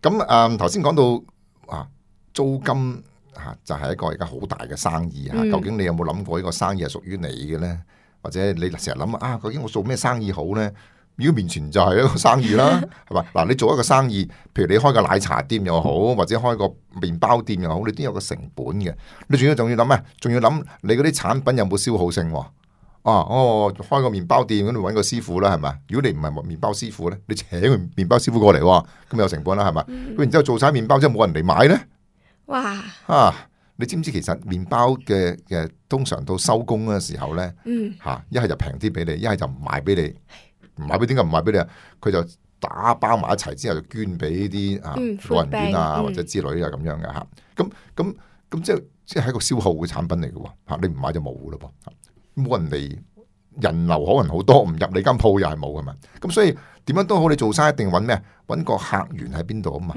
咁 誒，頭先講到啊，租金吓就係一個而家好大嘅生意吓、嗯。究竟你有冇諗過呢個生意係屬於你嘅呢？或者你成日諗啊，究竟我做咩生意好咧？如果面前就係一個生意啦，係嘛？嗱，你做一個生意，譬如你開個奶茶店又好，或者開個麵包店又好，你都有個成本嘅。你仲要仲要諗咩？仲要諗你嗰啲產品有冇消耗性？哦、啊，哦，開個麵包店咁，你搵個師傅啦，係咪？如果你唔係麵包師傅咧，你請個麵包師傅過嚟，咁有成本啦，係咪？咁、嗯、然之後做晒麵包，之後冇人嚟買咧。哇！啊！你知唔知其實麵包嘅嘅通常到收工嘅時候咧，吓、嗯、一係就平啲俾你，一係就唔賣俾你。唔賣俾，點解唔賣俾你啊？佢就打包埋一齊之後就捐俾啲啊老人院啊或者之類啊咁樣嘅吓。咁咁咁即係即係係一個消耗嘅產品嚟嘅喎，吓。你唔買就冇咯噃，冇人嚟，人流可能好多，唔入你間鋪又係冇噶嘛。咁所以點樣都好，你做生意一定揾咩？揾個客源喺邊度啊嘛。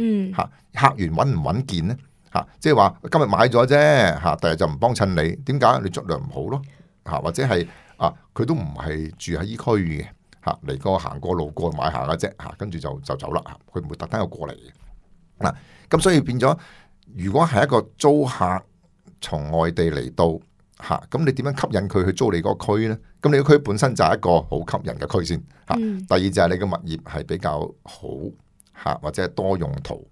吓，客源穩唔穩健咧？吓、就是，即係話今日買咗啫，吓，第日就唔幫襯你。點解？你質量唔好咯，吓，或者係啊，佢都唔係住喺依區嘅，吓、啊、嚟個行過路過去買下嘅啫，吓、啊，跟住就就走啦。佢、啊、唔會特登又過嚟嘅嗱。咁、啊、所以變咗，如果係一個租客從外地嚟到，吓、啊，咁你點樣吸引佢去租你嗰個區咧？咁你個區本身就係一個好吸引嘅區先，吓、啊嗯。第二就係你嘅物業係比較好吓、啊，或者係多用途。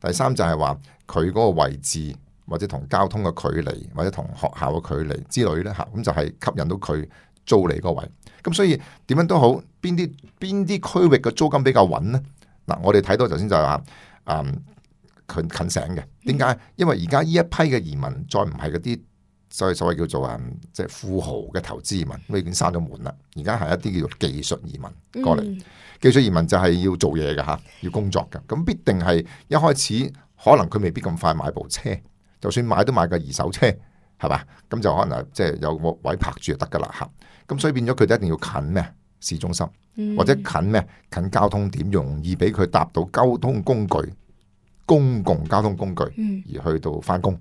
第三就係話佢嗰個位置，或者同交通嘅距離，或者同學校嘅距離之類呢，吓，咁就係吸引到佢租嚟個位。咁所以點樣都好，邊啲邊啲區域嘅租金比較穩呢？嗱，我哋睇到頭先就係話，嗯，佢近醒嘅。點解？因為而家呢一批嘅移民再唔係嗰啲，所謂所謂叫做啊，即係富豪嘅投資移民，已經閂咗門啦。而家係一啲叫做技術移民過嚟。嗯技術移民就係要做嘢嘅，吓，要工作嘅，咁必定係一開始可能佢未必咁快買部車，就算買都買個二手車係嘛，咁就可能即係有個位泊住就得噶啦吓，咁所以變咗佢哋一定要近咩？市中心、嗯、或者近咩？近交通點，容易俾佢搭到交通工具，公共交通工具而去到翻工。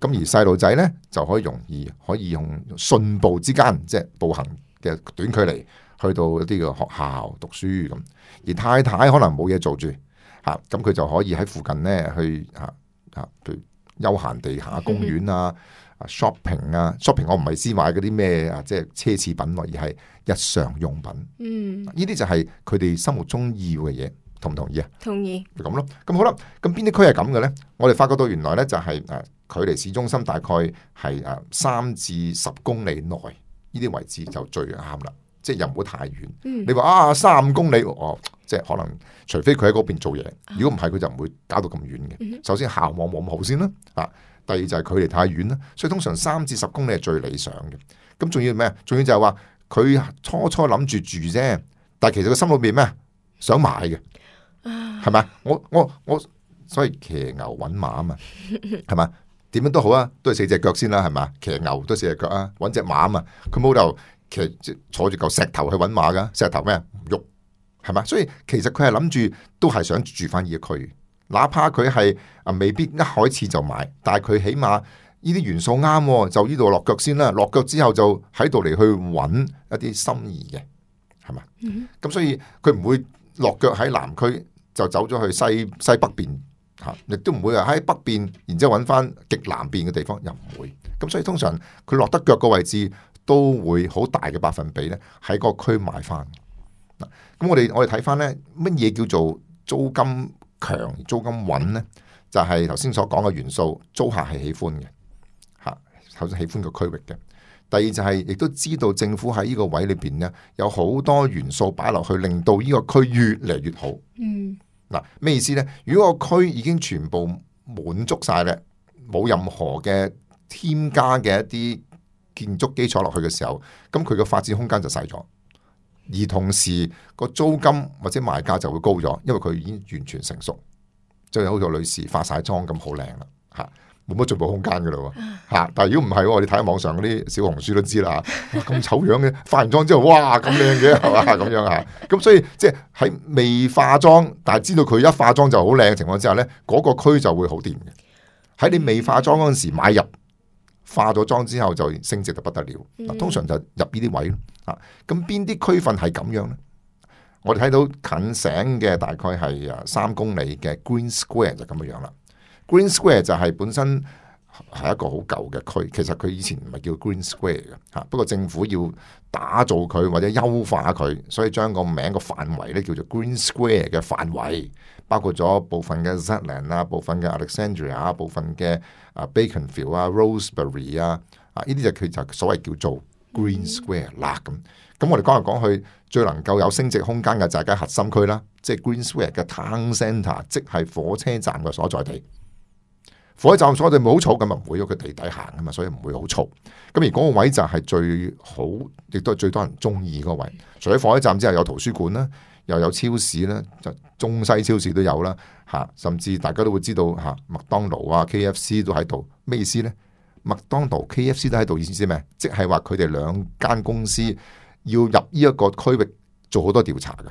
咁而細路仔呢，就可以容易可以用信步之間，即係步行嘅短距離。去到一啲嘅學校讀書咁，而太太可能冇嘢做住，吓咁佢就可以喺附近呢去吓吓、啊，譬如休閒地下公園啊， 啊、shopping 啊、shopping，我唔係指買嗰啲咩啊，即、就、係、是、奢侈品咯，而係日常用品。嗯，呢、啊、啲就係佢哋生活中要嘅嘢，同唔同意啊？同意就咁咯。咁好啦，咁邊啲區係咁嘅呢？我哋發覺到原來呢就係、是、誒、啊，距離市中心大概係誒三至十公里內呢啲位置就最啱啦。即係又唔好太遠，你話啊三五公里哦，即係可能除非佢喺嗰邊做嘢，如果唔係佢就唔會搞到咁遠嘅。首先校網冇咁好先啦，啊，第二就係距離太遠啦，所以通常三至十公里係最理想嘅。咁仲要咩啊？仲要就係話佢初初諗住住啫，但係其實佢心裏邊咩想買嘅係咪？我我我所以騎牛揾馬嘛，係嘛？點樣都好啊，都係四隻腳先啦，係嘛？騎牛都係四隻腳啊，揾隻馬啊嘛，佢冇就。其實坐住嚿石頭去揾馬噶，石頭咩唔喐係嘛？所以其實佢係諗住都係想住翻呢個區，哪怕佢係啊未必一開始就買，但係佢起碼呢啲元素啱，就呢度落腳先啦。落腳之後就喺度嚟去揾一啲心儀嘅，係嘛？咁所以佢唔會落腳喺南區，就走咗去西西北邊吓，亦都唔會話喺北邊，然之後搵翻極南邊嘅地方又唔會。咁所以通常佢落得腳個位置都會好大嘅百分比咧，喺個區買翻。咁我哋我哋睇翻咧，乜嘢叫做租金強、租金穩咧？就係頭先所講嘅元素，租客係喜歡嘅，吓，首先喜歡個區域嘅。第二就係、是、亦都知道政府喺呢個位置裏邊咧，有好多元素擺落去，令到呢個區越嚟越好。嗯，嗱咩意思咧？如果個區已經全部滿足晒咧，冇任何嘅添加嘅一啲。建築基礎落去嘅時候，咁佢個發展空間就細咗，而同時個租金或者賣價就會高咗，因為佢已經完全成熟，即係好似女士化晒妝咁好靚啦，吓冇乜進步空間噶啦，吓但係如果唔係喎，你睇網上嗰啲小紅書都知啦，咁醜樣嘅，化完妝之後哇咁靚嘅係嘛咁樣啊，咁所以即係喺未化妝，但係知道佢一化妝就好靚嘅情況之下咧，嗰個區就會好掂嘅。喺你未化妝嗰陣時買入。化咗妝之後就升值得不得了，嗱通常就入呢啲位咯，咁邊啲區份係咁樣呢？我哋睇到近城嘅大概係啊三公里嘅 Green Square 就咁樣啦，Green Square 就係本身係一個好舊嘅區，其實佢以前唔係叫 Green Square 嘅。吓不過政府要打造佢或者優化佢，所以將個名個範圍咧叫做 Green Square 嘅範圍。包括咗部分嘅 Zetland 啊，部分嘅 Alexandria，部分嘅啊 Beaconsfield 啊，Roseberry 啊，啊呢啲就佢就所謂叫做 Green Square 啦咁。咁、嗯、我哋講嚟講去，最能夠有升值空間嘅就係喺核心區啦，即係 Green Square 嘅 Town Centre，即係火車站嘅所在地。火車站所在地冇好嘈，咁啊唔會喺佢地底行啊嘛，所以唔會好嘈。咁而嗰個位就係最好，亦都係最多人中意嗰個位。除咗火車站之外，有圖書館啦。又有超市啦，就中西超市都有啦，吓，甚至大家都會知道吓，麥當勞啊、K F C 都喺度，咩意思呢？麥當勞、K F C 都喺度，意思係咩？即係話佢哋兩間公司要入呢一個區域做，做好多調查嘅。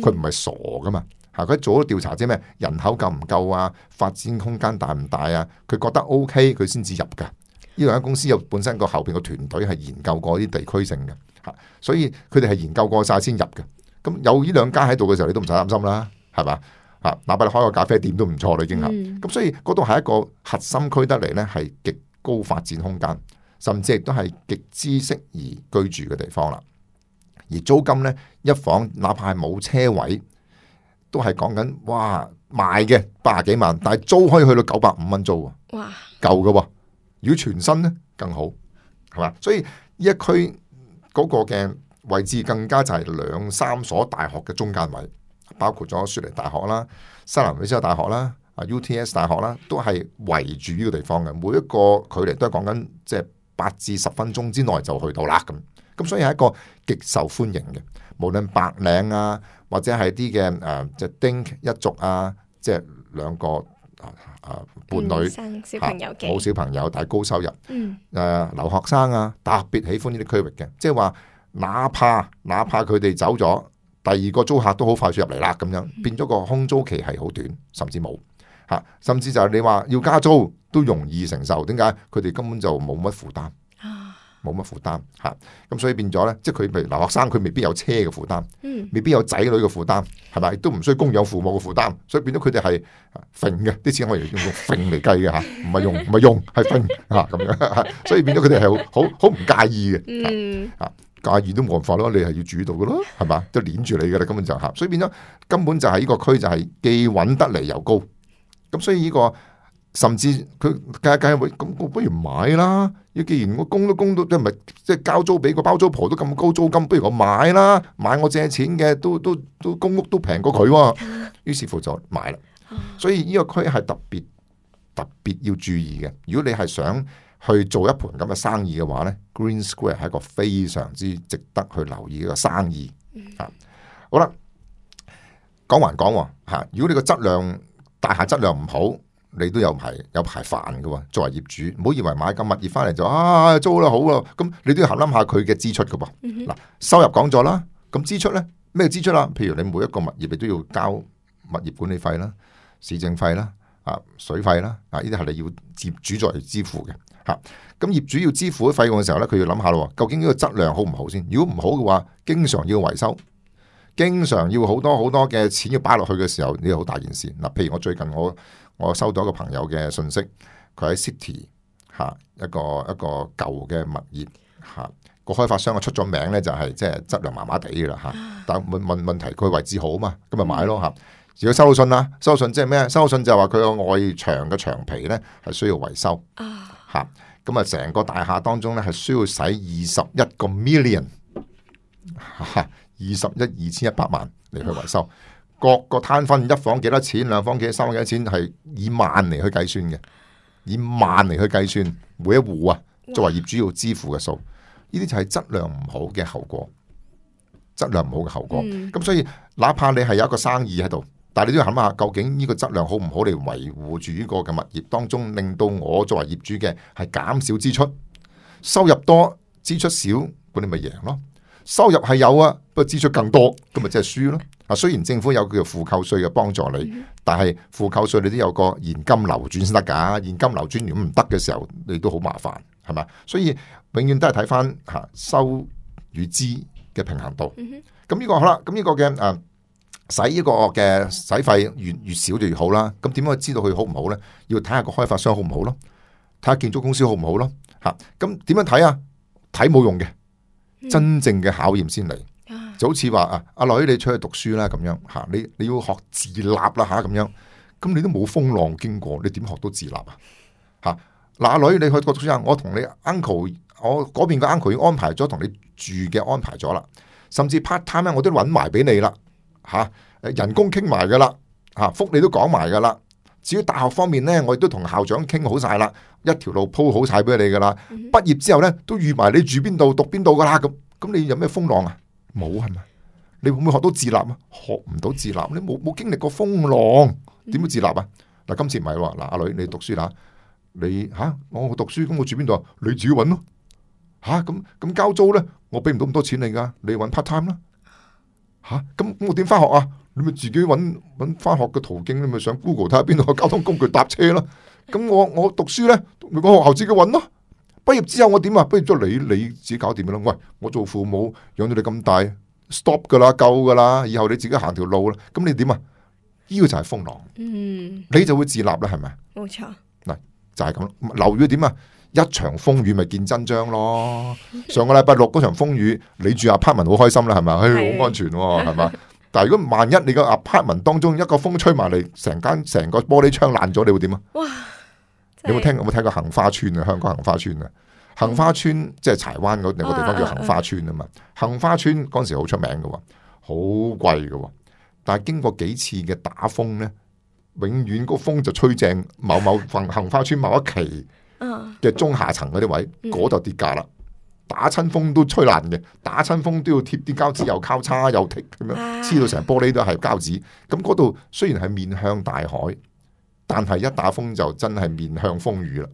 佢唔係傻噶嘛，吓，佢做咗調查啫咩？人口夠唔夠啊？發展空間大唔大啊？佢覺得 O K，佢先至入嘅。呢兩間公司有本身個後邊個團隊係研究過啲地區性嘅，吓，所以佢哋係研究過晒先入嘅。咁有呢兩間喺度嘅時候，你都唔使擔心啦，係嘛？吓，哪怕你開個咖啡店都唔錯啦，已經啦。咁所以嗰度係一個核心區得嚟呢係極高發展空間，甚至亦都係極適宜居住嘅地方啦。而租金呢，一房哪怕係冇車位，都係講緊哇賣嘅八十幾萬，但係租可以去到九百五蚊租。哇！舊嘅，如果全新呢，更好，係嘛？所以呢一區嗰個嘅。位置更加就係兩三所大學嘅中間位，包括咗雪梨大學啦、新南威爾士大學啦、啊 UTS 大學啦，都係圍住呢個地方嘅。每一個距離都係講緊即係八至十分鐘之內就去到啦咁。咁所以係一個極受歡迎嘅，無論白領啊，或者係啲嘅誒即係 Dink 一族啊，即係兩個啊，呃，伴侶，生小朋友嘅，啊，冇小朋友，但係高收入，嗯、呃，留學生啊，特別喜歡呢啲區域嘅，即係話。哪怕哪怕佢哋走咗，第二個租客都好快速入嚟啦，咁樣變咗個空租期係好短，甚至冇吓，甚至就係你話要加租都容易承受。點解？佢哋根本就冇乜負擔，冇乜負擔吓。咁所以變咗咧，即係佢譬如留學生，佢未必有車嘅負擔，未必有仔女嘅負擔，係咪？都唔需要供養父母嘅負擔，所以變咗佢哋係分嘅，啲錢我哋用用分嚟計嘅吓，唔係用唔係用係分吓咁樣，所以變咗佢哋係好好唔介意嘅，嗯阿二都冇辦法咯，你係要住到嘅咯，係嘛？都黏住你嘅啦，根本就吓，所以變咗根本就喺呢個區就係既穩得嚟又高，咁所以呢個甚至佢計下計下會咁，我不如買啦。咦，既然我供都供到，即係唔係即係交租俾個包租婆都咁高租金，不如我買啦？買我借錢嘅都都都公屋都平過佢啊，於是乎就買啦。所以呢個區係特別特別要注意嘅。如果你係想，去做一盤咁嘅生意嘅話呢，Green Square 係一個非常之值得去留意嘅生意啊！Mm -hmm. 好啦，講還講吓，如果你個質量大廈質量唔好，你都有排有排煩嘅。作為業主，唔好以為買個物業翻嚟就啊租啦好啊，咁你都要核算下佢嘅支出嘅噃。嗱、mm -hmm.，收入講咗啦，咁支出呢？咩支出啦？譬如你每一個物業你都要交物業管理費啦、市政費啦、啊水費啦，啊呢啲係你要接主再嚟支付嘅。咁、啊、業主要支付啲費用嘅時候咧，佢要諗下咯。究竟呢個質量好唔好先？如果唔好嘅話，經常要維修，經常要好多好多嘅錢要擺落去嘅時候，呢個好大件事。嗱、啊，譬如我最近我我收到一個朋友嘅信息，佢喺 City 嚇、啊、一個一個舊嘅物業嚇，個、啊、開發商出咗名咧就係即係質量麻麻地嘅啦嚇。但問問問題，佢位置好嘛？咁咪買咯嚇、啊。如果收到信啦，收到信即係咩？收到信就係話佢個外牆嘅牆皮咧係需要維修。吓，咁啊，成個大廈當中咧，係需要使二十一個 million，吓、啊，二十一二千一百萬嚟去維修，各個攤分一房幾多錢，兩房幾多，三房幾多錢，係以萬嚟去計算嘅，以萬嚟去計算，每一戶啊，作為業主要支付嘅數，呢啲就係質量唔好嘅後果，質量唔好嘅後果，咁、嗯、所以哪怕你係有一個生意喺度。但你都要諗下，究竟呢個質量好唔好嚟維護住呢個嘅物業當中，令到我作為業主嘅係減少支出，收入多，支出少，咁你咪贏咯？收入係有啊，不過支出更多，咁咪即係輸咯。啊，雖然政府有叫做付扣稅嘅幫助你，嗯、但係付扣稅你都有個現金流轉先得噶，現金流轉如果唔得嘅時候，你都好麻煩，係嘛？所以永遠都係睇翻吓收與支嘅平衡度。咁、嗯、呢、呢個好啦，咁呢個嘅啊。呃使呢個嘅使費越越少就越好啦。咁點樣知道佢好唔好咧？要睇下個開發商好唔好咯，睇下建築公司好唔好咯。吓，咁點樣睇啊？睇冇用嘅，真正嘅考驗先嚟。就好似話啊，阿女你出去讀書啦咁樣吓，你你要學自立啦吓咁樣。咁你都冇風浪經過，你點學到自立啊？吓、啊、嗱，阿女你去國中生，我同你 uncle，我嗰邊個 uncle 已經安排咗同你住嘅安排咗啦，甚至 part time 咧，我都揾埋俾你啦。吓、啊，人工傾埋噶啦，吓、啊、福利都講埋噶啦。至於大學方面咧，我亦都同校長傾好晒啦，一條路鋪好晒俾你噶啦。畢、mm -hmm. 業之後咧，都預埋你住邊度、讀邊度噶啦。咁咁，你有咩風浪啊？冇係咪？你會唔會學到自立啊？學唔到自立，你冇冇經歷過風浪，點樣自立啊？嗱，今次唔係喎，嗱、啊，阿女你讀書啦，你吓、啊、我讀書，咁我住邊度啊？你自己咯，吓咁咁交租咧，我俾唔到咁多錢你噶，你揾 part time 啦、啊。吓，咁咁我點翻學啊？你咪自己搵搵翻學嘅途徑，你咪上 Google 睇下邊度有交通工具搭車咯。咁我我讀書咧，咪講學校自己搵咯。畢業之後我點啊？畢業咗你你自己搞掂啦。喂，我做父母養到你咁大，stop 噶啦，夠噶啦，以後你自己行條路啦。咁你點啊？呢、這個就係風浪，嗯，你就會自立啦，係咪？冇錯，嗱就係、是、咁，樓宇點啊？一場風雨咪見真章咯！上個禮拜六嗰場風雨，你住 apartment 好開心啦，係咪？係好安全，啊，係嘛？但係如果萬一你個 apartment 當中一個風吹埋嚟，成間成個玻璃窗爛咗，你會點啊？哇！你有冇聽有冇睇過杏花村啊？香港杏花村啊？杏花村即係柴灣嗰有個地方叫杏花村啊嘛。杏、啊啊、花村嗰陣時好出名噶，好貴噶。但係經過幾次嘅打風呢，永遠嗰風就吹正某某杏花村某一期。嘅中下層嗰啲位，嗰度就跌價啦，打親風都吹爛嘅，打親風都要貼啲膠紙，又交叉又貼咁樣，黐到成玻璃都係膠紙。咁嗰度雖然係面向大海，但係一打風就真係面向風雨啦。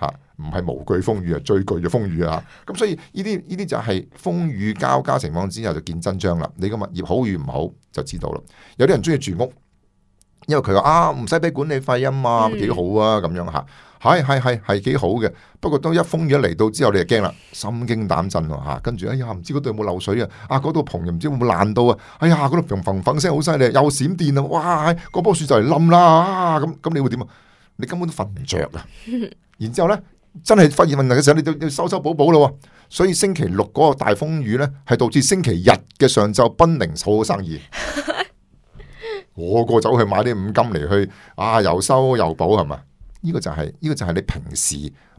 吓，唔係無懼風雨啊，最懼嘅風雨啊。咁所以呢啲呢啲就係風雨交加情況之下就見真章啦。你個物業好與唔好就知道啦。有啲人中意住屋，因為佢話啊唔使俾管理費啊嘛，幾好啊咁樣吓。係係係係幾好嘅，不過都一風雨一嚟到之後，你就驚啦，心驚膽震啊吓！跟住哎呀，唔知嗰度有冇漏水啊？啊，嗰度蓬又唔知會唔會爛到啊？哎呀，嗰度嘭嘭嘭聲好犀利，又閃電啦！哇，嗰棵樹就嚟冧啦！咁、啊、咁你會點啊？你根本都瞓唔着啊！然之後咧，真係發現問題嘅時候，你就要修修補補咯。所以星期六嗰個大風雨咧，係導致星期日嘅上晝奔寧好好生意。我過走去買啲五金嚟去啊，又修又補係嘛？呢、這個就係、是、呢、這個就係你平時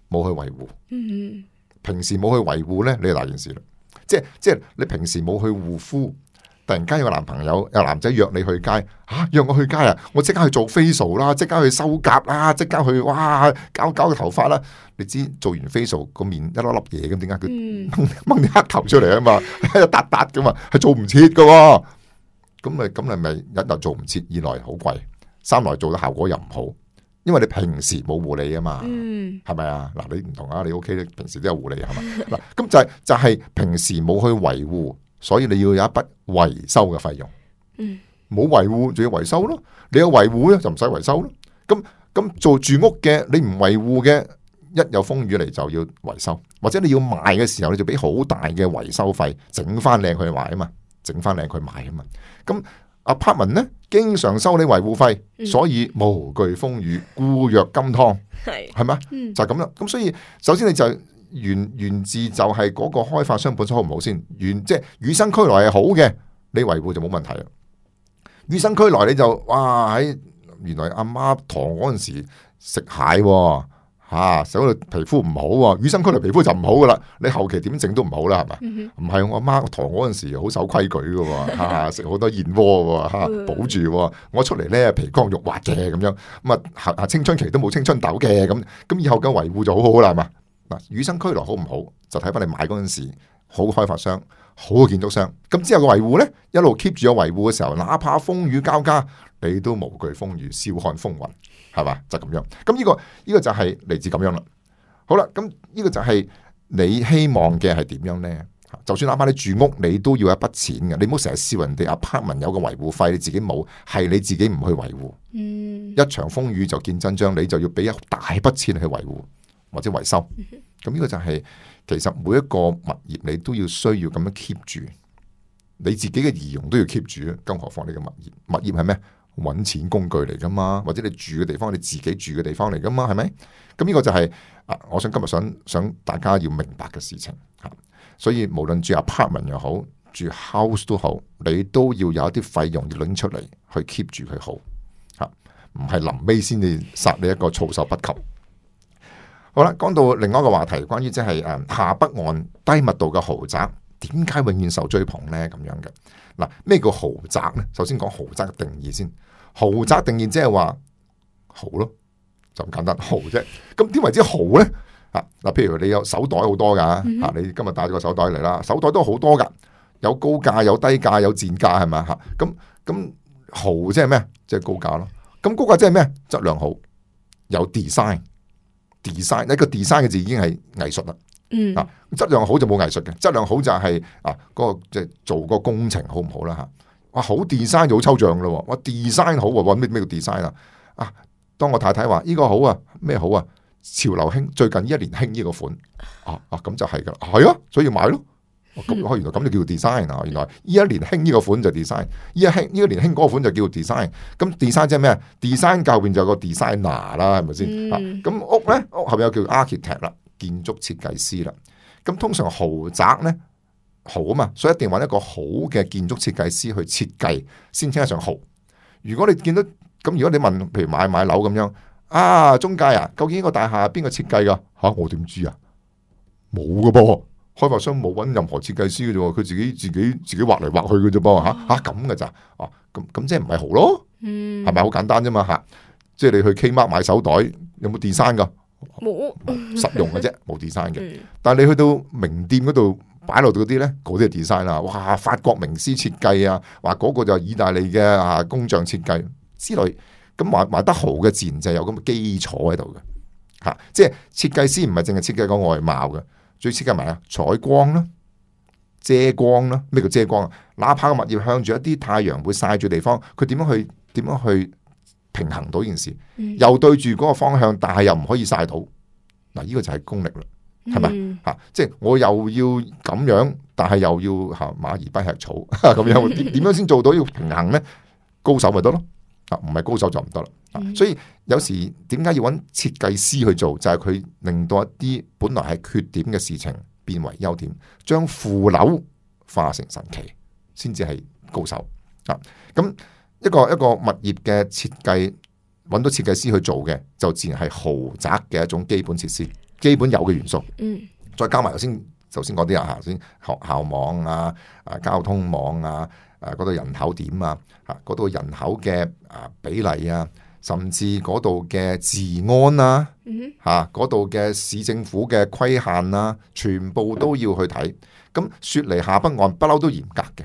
冇去維護，mm -hmm. 平時冇去維護咧，你就大件事啦。即係即係你平時冇去護膚，突然間有個男朋友有個男仔約你去街，吓、啊、約我去街啊，我即刻去做 facial 啦，即刻去修甲啦，即刻去哇搞搞個頭髮啦。你知做完 facial 個面一粒粒嘢咁點解？佢掹掹啲黑頭出嚟啊嘛，係、mm -hmm. 啊、一笪笪嘅嘛，係做唔切嘅。咁咪咁咪咪一來做唔切，二來好貴，三來做得效果又唔好。因為你平時冇護理啊嘛，係咪啊？嗱，你唔同啊，你屋企咧平時都有護理係嘛？嗱，咁 就係、是、就係、是、平時冇去維護，所以你要有一筆維修嘅費用。嗯，冇維護仲要維修咯，你有維護咧就唔使維修咯。咁咁做住屋嘅，你唔維護嘅，一有風雨嚟就要維修，或者你要賣嘅時候，你就俾好大嘅維修費，整翻靚佢賣啊嘛，整翻靚佢賣啊嘛，咁。Apartment 咧，經常收你維護費，所以無懼風雨，固若金湯，係係咪，就係、是、咁樣。咁所以，首先你就源源自就係嗰個開發商本身好唔好先，源即係與生俱來係好嘅，你維護就冇問題啊。與生俱來你就哇喺原來阿媽堂嗰陣時食蟹、啊。吓、啊，使到皮膚唔好喎、啊，與生俱來皮膚就唔好噶、啊、啦。你後期點整都唔好啦、啊，係嘛？唔、mm、係 -hmm. 我阿媽我堂嗰陣時好守規矩噶、啊，吓食好多燕窩、啊，吓、啊、保住、啊。我出嚟咧皮光肉滑嘅咁樣，咁啊啊青春期都冇青春痘嘅咁，咁以後嘅維護就好好、啊、啦，係嘛？嗱，與生俱來好唔好？就睇翻，你買嗰陣時好開發商、好建築商。咁之後嘅維護咧，一路 keep 住有維護嘅時候，哪怕風雨交加，你都無懼風雨，笑看風雲。係嘛，就咁樣。咁呢、呢個呢、呢個就係嚟自咁樣啦。好啦，咁呢個就係你希望嘅係點樣呢？就算哪怕你住屋，你都要一筆錢嘅。你唔好成日笑人哋 apartment 有個維護費，你自己冇，係你自己唔去維護、嗯。一場風雨就見真章，你就要俾一大筆錢去維護或者維修。咁呢個就係、是、其實每一個物業你都要需要咁樣 keep 住，你自己嘅儀容都要 keep 住，更何況你嘅物業？物業係咩？揾錢工具嚟噶嘛，或者你住嘅地方，你自己住嘅地方嚟噶嘛，係咪？咁呢個就係、是、啊，我想今日想想大家要明白嘅事情吓、啊。所以無論住 apartment 又好，住 house 都好，你都要有一啲費用要拎出嚟去 keep 住佢好吓，唔係臨尾先至殺你一個措手不及。好啦，講到另外一個話題，關於即係誒下北岸低密度嘅豪宅，點解永遠受追捧呢？咁樣嘅嗱，咩、啊、叫豪宅呢？首先講豪宅嘅定義先。豪宅定然即係話豪咯，就咁簡單豪啫。咁點為之豪咧？啊，嗱，譬如你有手袋好多噶，啊、嗯，你今日帶咗個手袋嚟啦，手袋都好多噶，有高價有低價有賤價係咪啊？咁咁豪即係咩？即係、就是、高價咯。咁高價即係咩？質量好，有 design，design，design, 一個 design 嘅字已經係藝術啦。嗯，啊，質量好就冇藝術嘅，質量好就係、是、啊嗰、那個即係、就是、做個工程好唔好啦吓。哇，好 design 就好抽象噶咯！哇，design 好，搵咩咩叫 design 啊？啊，當我太太話呢、這個好啊，咩好啊？潮流興，最近呢一年興呢個款，啊啊，咁就係噶，係啊，所以要買咯。咁、啊、原來咁就叫做 design 啊！原來呢一年興呢個款就 design，呢一興呢一年興嗰個款就叫做 design, design。咁 design 即係咩？design 後邊就有個 designer 啦，係咪先？咁、啊啊、屋咧，屋後邊又叫 architect 啦，建築設計師啦。咁通常豪宅咧。好嘛，所以一定揾一個好嘅建築設計師去設計，先稱得上豪。如果你見到咁，如果你問，譬如買買樓咁樣，啊中介啊，究竟呢個大廈邊個設計噶？吓我點知啊？冇噶噃，開發商冇揾任何設計師嘅啫，佢自己自己自己畫嚟畫去嘅啫噃，吓吓咁嘅咋？哦、啊，咁咁即係唔係豪咯？嗯，係咪好簡單啫嘛？吓、啊，即係你去 Kmart 買手袋，有冇疊衫噶？冇，實用嘅啫，冇疊衫嘅。但係你去到名店嗰度。擺落度嗰啲咧，嗰啲 design 啦，哇，法國名師設計啊，話嗰個就係意大利嘅啊工匠設計之類，咁買買得豪嘅自然就有咁嘅基礎喺度嘅，吓、啊，即係設計師唔係淨係設計個外貌嘅，最設計埋啊採光啦，遮光啦、啊，咩叫遮光啊？哪怕個物業向住一啲太陽會曬住地方，佢點樣去點樣去平衡到件事，又對住嗰個方向，但係又唔可以曬到，嗱、啊，呢、這個就係功力啦。係咪吓？即係我又要咁樣，但係又要吓、啊、馬兒不吃草咁、啊、樣，點樣先做到要平衡呢？高手咪得咯？啊，唔係高手就唔得啦。所以有時點解要搵設計師去做？就係、是、佢令到一啲本來係缺點嘅事情變為優點，將腐朽化成神奇，先至係高手。啊，咁一個一個物業嘅設計搵到設計師去做嘅，就自然係豪宅嘅一種基本設施。基本有嘅元素，嗯，再加埋頭先，頭先講啲啊，先學校網啊，啊交通網啊，誒嗰度人口點啊，吓嗰度人口嘅啊比例啊，甚至嗰度嘅治安啊，吓嗰度嘅市政府嘅規限啊，全部都要去睇。咁雪梨下北岸不嬲都嚴格嘅，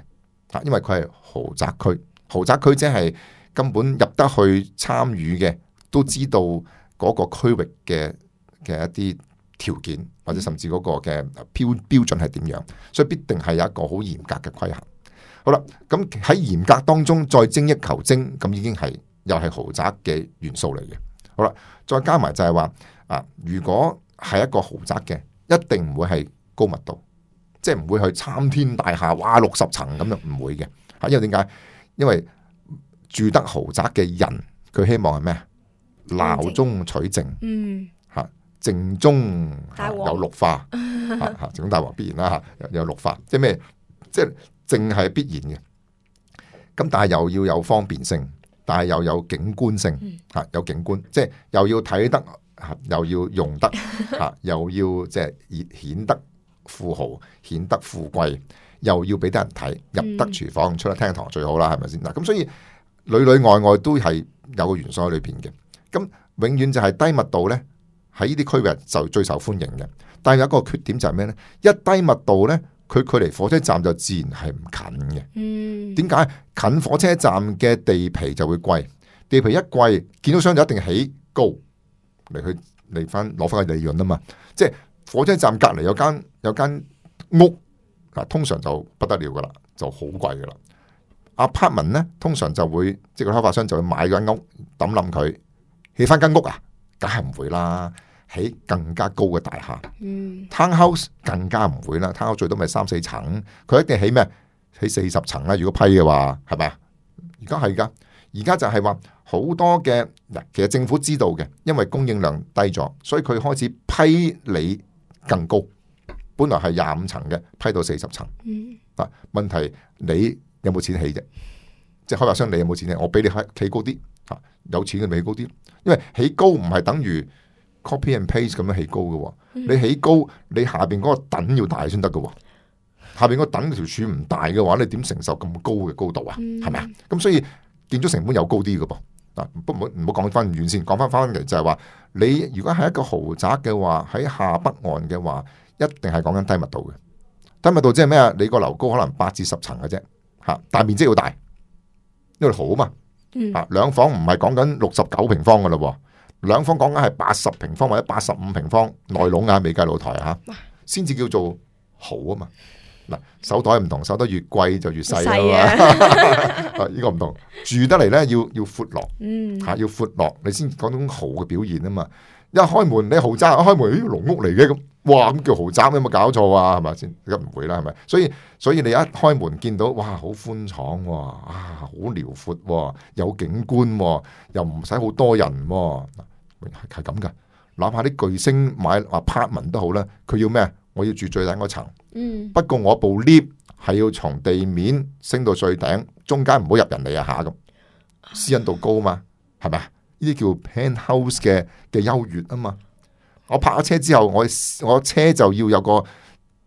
啊，因為佢係豪宅區，豪宅區即係根本入得去參與嘅，都知道嗰個區域嘅。嘅一啲條件或者甚至嗰個嘅標標準係點樣，所以必定係有一個好嚴格嘅規限。好啦，咁喺嚴格當中再精益求精，咁已經係又係豪宅嘅元素嚟嘅。好啦，再加埋就係話啊，如果係一個豪宅嘅，一定唔會係高密度，即係唔會去參天大廈哇六十層咁就唔會嘅嚇。因為點解？因為住得豪宅嘅人，佢希望係咩啊？鬧中取靜。嗯。正宗有綠化， 正宗大王必然啦、啊。吓有綠化，即係咩？即係正係必然嘅。咁但係又要有方便性，但係又有景觀性吓、嗯啊，有景觀，即係又要睇得吓，又要用得吓、啊，又要即係顯顯得富豪，顯得富貴，又要俾啲人睇入得廚房，出得廳堂，最好啦，係咪先嗱？咁所以裏裏外外都係有個元素喺裏邊嘅。咁永遠就係低密度咧。喺呢啲區域就最受歡迎嘅，但係有一個缺點就係咩呢？一低密度呢，佢距離火車站就自然係唔近嘅。嗯，點解近火車站嘅地皮就會貴？地皮一貴，建築商就一定起高嚟去嚟翻攞翻個利潤啊嘛！即係火車站隔離有間有間屋嗱、啊，通常就不得了噶啦，就好貴噶啦。Apartment 呢，通常就會即係個開發商就會買間屋揼冧佢起翻間屋啊！梗係唔會啦，起更加高嘅大廈、嗯。townhouse 更加唔會啦 townhouse 最多咪三四層，佢一定起咩？起四十層啦！如果批嘅話，係咪啊？而家係噶，而家就係話好多嘅，其實政府知道嘅，因為供應量低咗，所以佢開始批你更高。本來係廿五層嘅，批到四十層。嗯，啊，問題你有冇錢起啫？即係開發商你有冇錢啫？我俾你起起高啲，吓有錢嘅咪起高啲。因為起高唔係等於 copy and paste 咁樣起高嘅、啊，你起高你下邊嗰個等要大先得嘅，下邊個等條柱唔大嘅話，你點承受咁高嘅高度啊？係咪啊？咁所以建築成本又高啲嘅噃。啊，不唔好唔好講翻遠先，講翻翻嚟就係話，你如果係一個豪宅嘅話，喺下北岸嘅話，一定係講緊低密度嘅。低密度即係咩啊？你個樓高可能八至十層嘅啫，吓，大面積要大，因為好嘛。啊、嗯，兩房唔係講緊六十九平方噶咯，兩房講緊係八十平方或者八十五平方內籠啊，未計露台啊，先、啊、至叫做豪啊嘛。嗱、啊，手袋唔同，手袋越貴就越細啊嘛。呢、啊啊這個唔同，住得嚟咧要要闊落，吓、嗯啊、要闊落，你先講到豪嘅表現啊嘛。一開門你豪宅，一開門咦龍、哎、屋嚟嘅咁。哇！咁叫豪宅有冇搞錯啊？係咪先？咁唔會啦，係咪？所以所以你一開門見到哇，好寬敞啊，啊，好遼闊，有景觀、啊，又唔使好多人、啊，係咁噶。哪怕啲巨星買啊，apartment 都好啦。佢要咩？我要住最頂嗰層。嗯。不過我部 lift 係要從地面升到最頂，中間唔好入人嚟一下咁，私隱度高嘛，係咪啊？呢啲叫 penthouse 嘅嘅優越啊嘛。我泊架車之後，我我車就要有個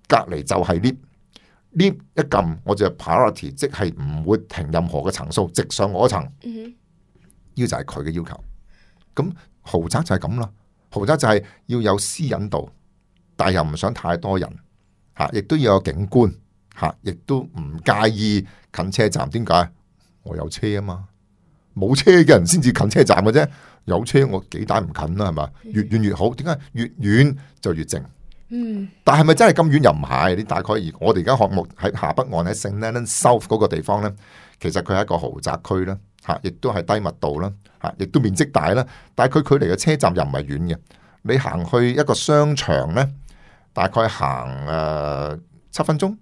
隔離，就係 lift，lift 一撳我就 priority，即係唔會停任何嘅層數，直上我層。mm-hmm. 呢個就係佢嘅要求。咁豪宅就係咁啦，豪宅就係要有私隱度，但又唔想太多人吓，亦都要有景觀吓，亦都唔介意近車站。點解？我有車吖嘛？冇車嘅人先至近車站嘅啫，有車我幾大唔近啦，係嘛？越遠越好，點解越遠就越靜？嗯，但係咪真係咁遠又唔係？你大概而我哋而家項目喺下北岸喺 St Leonards South 嗰個地方咧，其實佢係一個豪宅區啦，吓，亦都係低密度啦，吓，亦都面積大啦，但係佢距離嘅車站又唔係遠嘅，你行去一個商場咧，大概行誒、呃、七分鐘，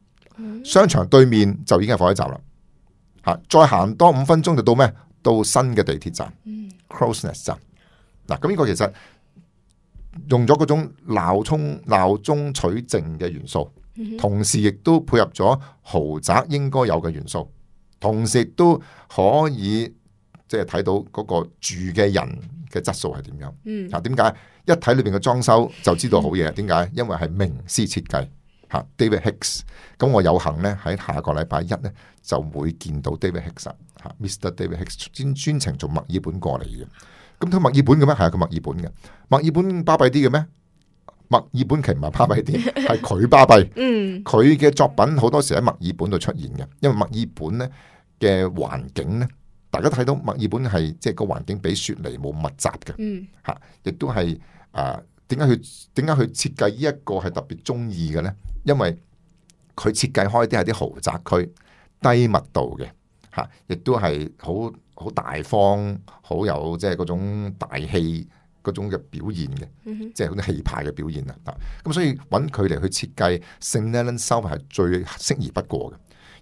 商場對面就已經係火車站啦，吓，再行多五分鐘就到咩？到新嘅地鐵站、嗯、Crows Nest 站。嗱，咁呢個其實用咗嗰種鬧中鬧中取靜嘅元、嗯、元素，同時亦都配合咗豪宅應該有嘅元素，同時亦都可以即係睇到嗰個住嘅人嘅質素係點樣。嗱、嗯，點、啊、解一睇裏邊嘅裝修就知道好嘢？點、嗯、解？因為係名師設計。嚇、啊、David Hicks。咁我有幸咧喺下個禮拜一咧就會見到 David Hicks。Mr. David 專專程從墨爾本過嚟嘅。咁佢墨爾本嘅咩？係啊，佢墨爾本嘅，墨爾本巴閉啲嘅咩？墨爾本其實唔係巴閉啲，係佢巴閉。嗯，佢嘅作品好多時喺墨爾本度出現嘅，因為墨爾本咧嘅環境咧，大家睇到墨爾本係即係個環境比雪梨冇密集嘅。吓、嗯，亦都係誒，點解佢點解佢設計呢一個係特別中意嘅咧？因為佢設計開啲係啲豪宅區，低密度嘅。嚇，亦都係好好大方，好有即係嗰種大氣嗰種嘅表現嘅，mm -hmm. 即係好啲氣派嘅表現啊！啊，咁所以揾佢哋去設計，Sydney o u t 係最適宜不過嘅。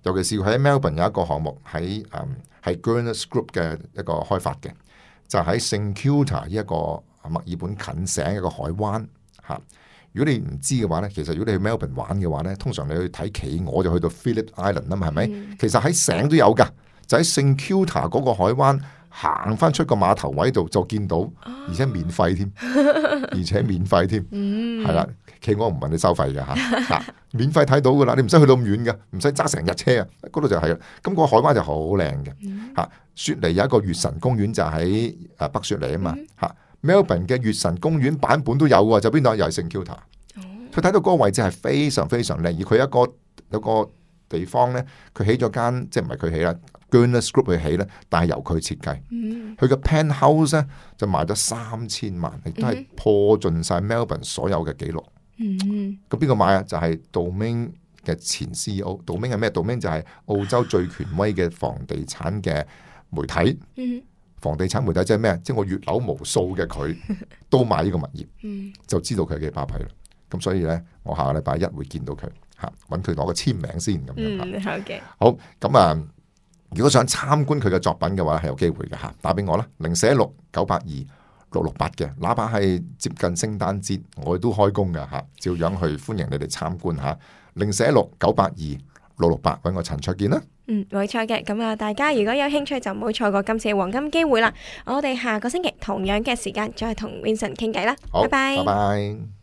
尤其是喺 Melbourne 有一個項目喺誒，係 Gurner Group 嘅一個開發嘅，就喺 St Kilda 呢一個墨爾本近城一個海灣嚇。啊。如果你唔知嘅話咧，其實如果你去 Melbourne 玩嘅話咧，通常你去睇企鵝就去到 Phillip Island 啦，係、嗯、咪？其實喺城都有噶，就喺 St Kilda 嗰個海灣行翻出個碼頭位度就見到，而且免費添、哦，而且免費添，係 啦、嗯，企鵝唔問你收費嘅嚇，嚇、嗯、免費睇到噶啦，你唔使去到咁遠嘅，唔使揸成日車啊，嗰度就係啦。咁、那個海灣就好靚嘅嚇，雪梨有一個月神公園就喺啊北雪梨啊嘛嚇。嗯 Melbourne 嘅月神公園版本都有喎、啊，就邊度又係 St Kilda 佢睇到嗰個位置係非常非常靚，而佢一個有個地方咧，佢起咗間即係唔係佢起啦 Gunnar Group 去起咧，但係由佢設計。佢、mm、嘅 -hmm. Penthouse 咧就賣咗三千萬，亦都係破盡晒 Melbourne 所有嘅紀錄。嗯，咁邊個買啊？就係、是、Domain 嘅前 CEO、mm -hmm. Domain。Domain 係咩？Domain 就係澳洲最權威嘅房地產嘅媒體。Mm -hmm. 房地產媒體即係咩？即係我月樓無數嘅佢都買呢個物業，就知道佢係幾巴閉啦。咁所以呢，我下個禮拜一會見到佢，吓搵佢攞個簽名先咁樣。好好咁啊，如果想參觀佢嘅作品嘅話，係有機會嘅吓。打俾我啦，零四一六九八二六六八嘅。哪怕係接近聖誕節，我都開工噶吓，照樣去歡迎你哋參觀吓。零四一六九八二。六六八，揾我陳焯楗啦。嗯，冇錯嘅。咁啊，大家如果有興趣就唔好錯過今次嘅黃金機會啦。我哋下個星期同樣嘅時間再同 Vincent 傾偈啦。好，拜拜。拜拜拜拜。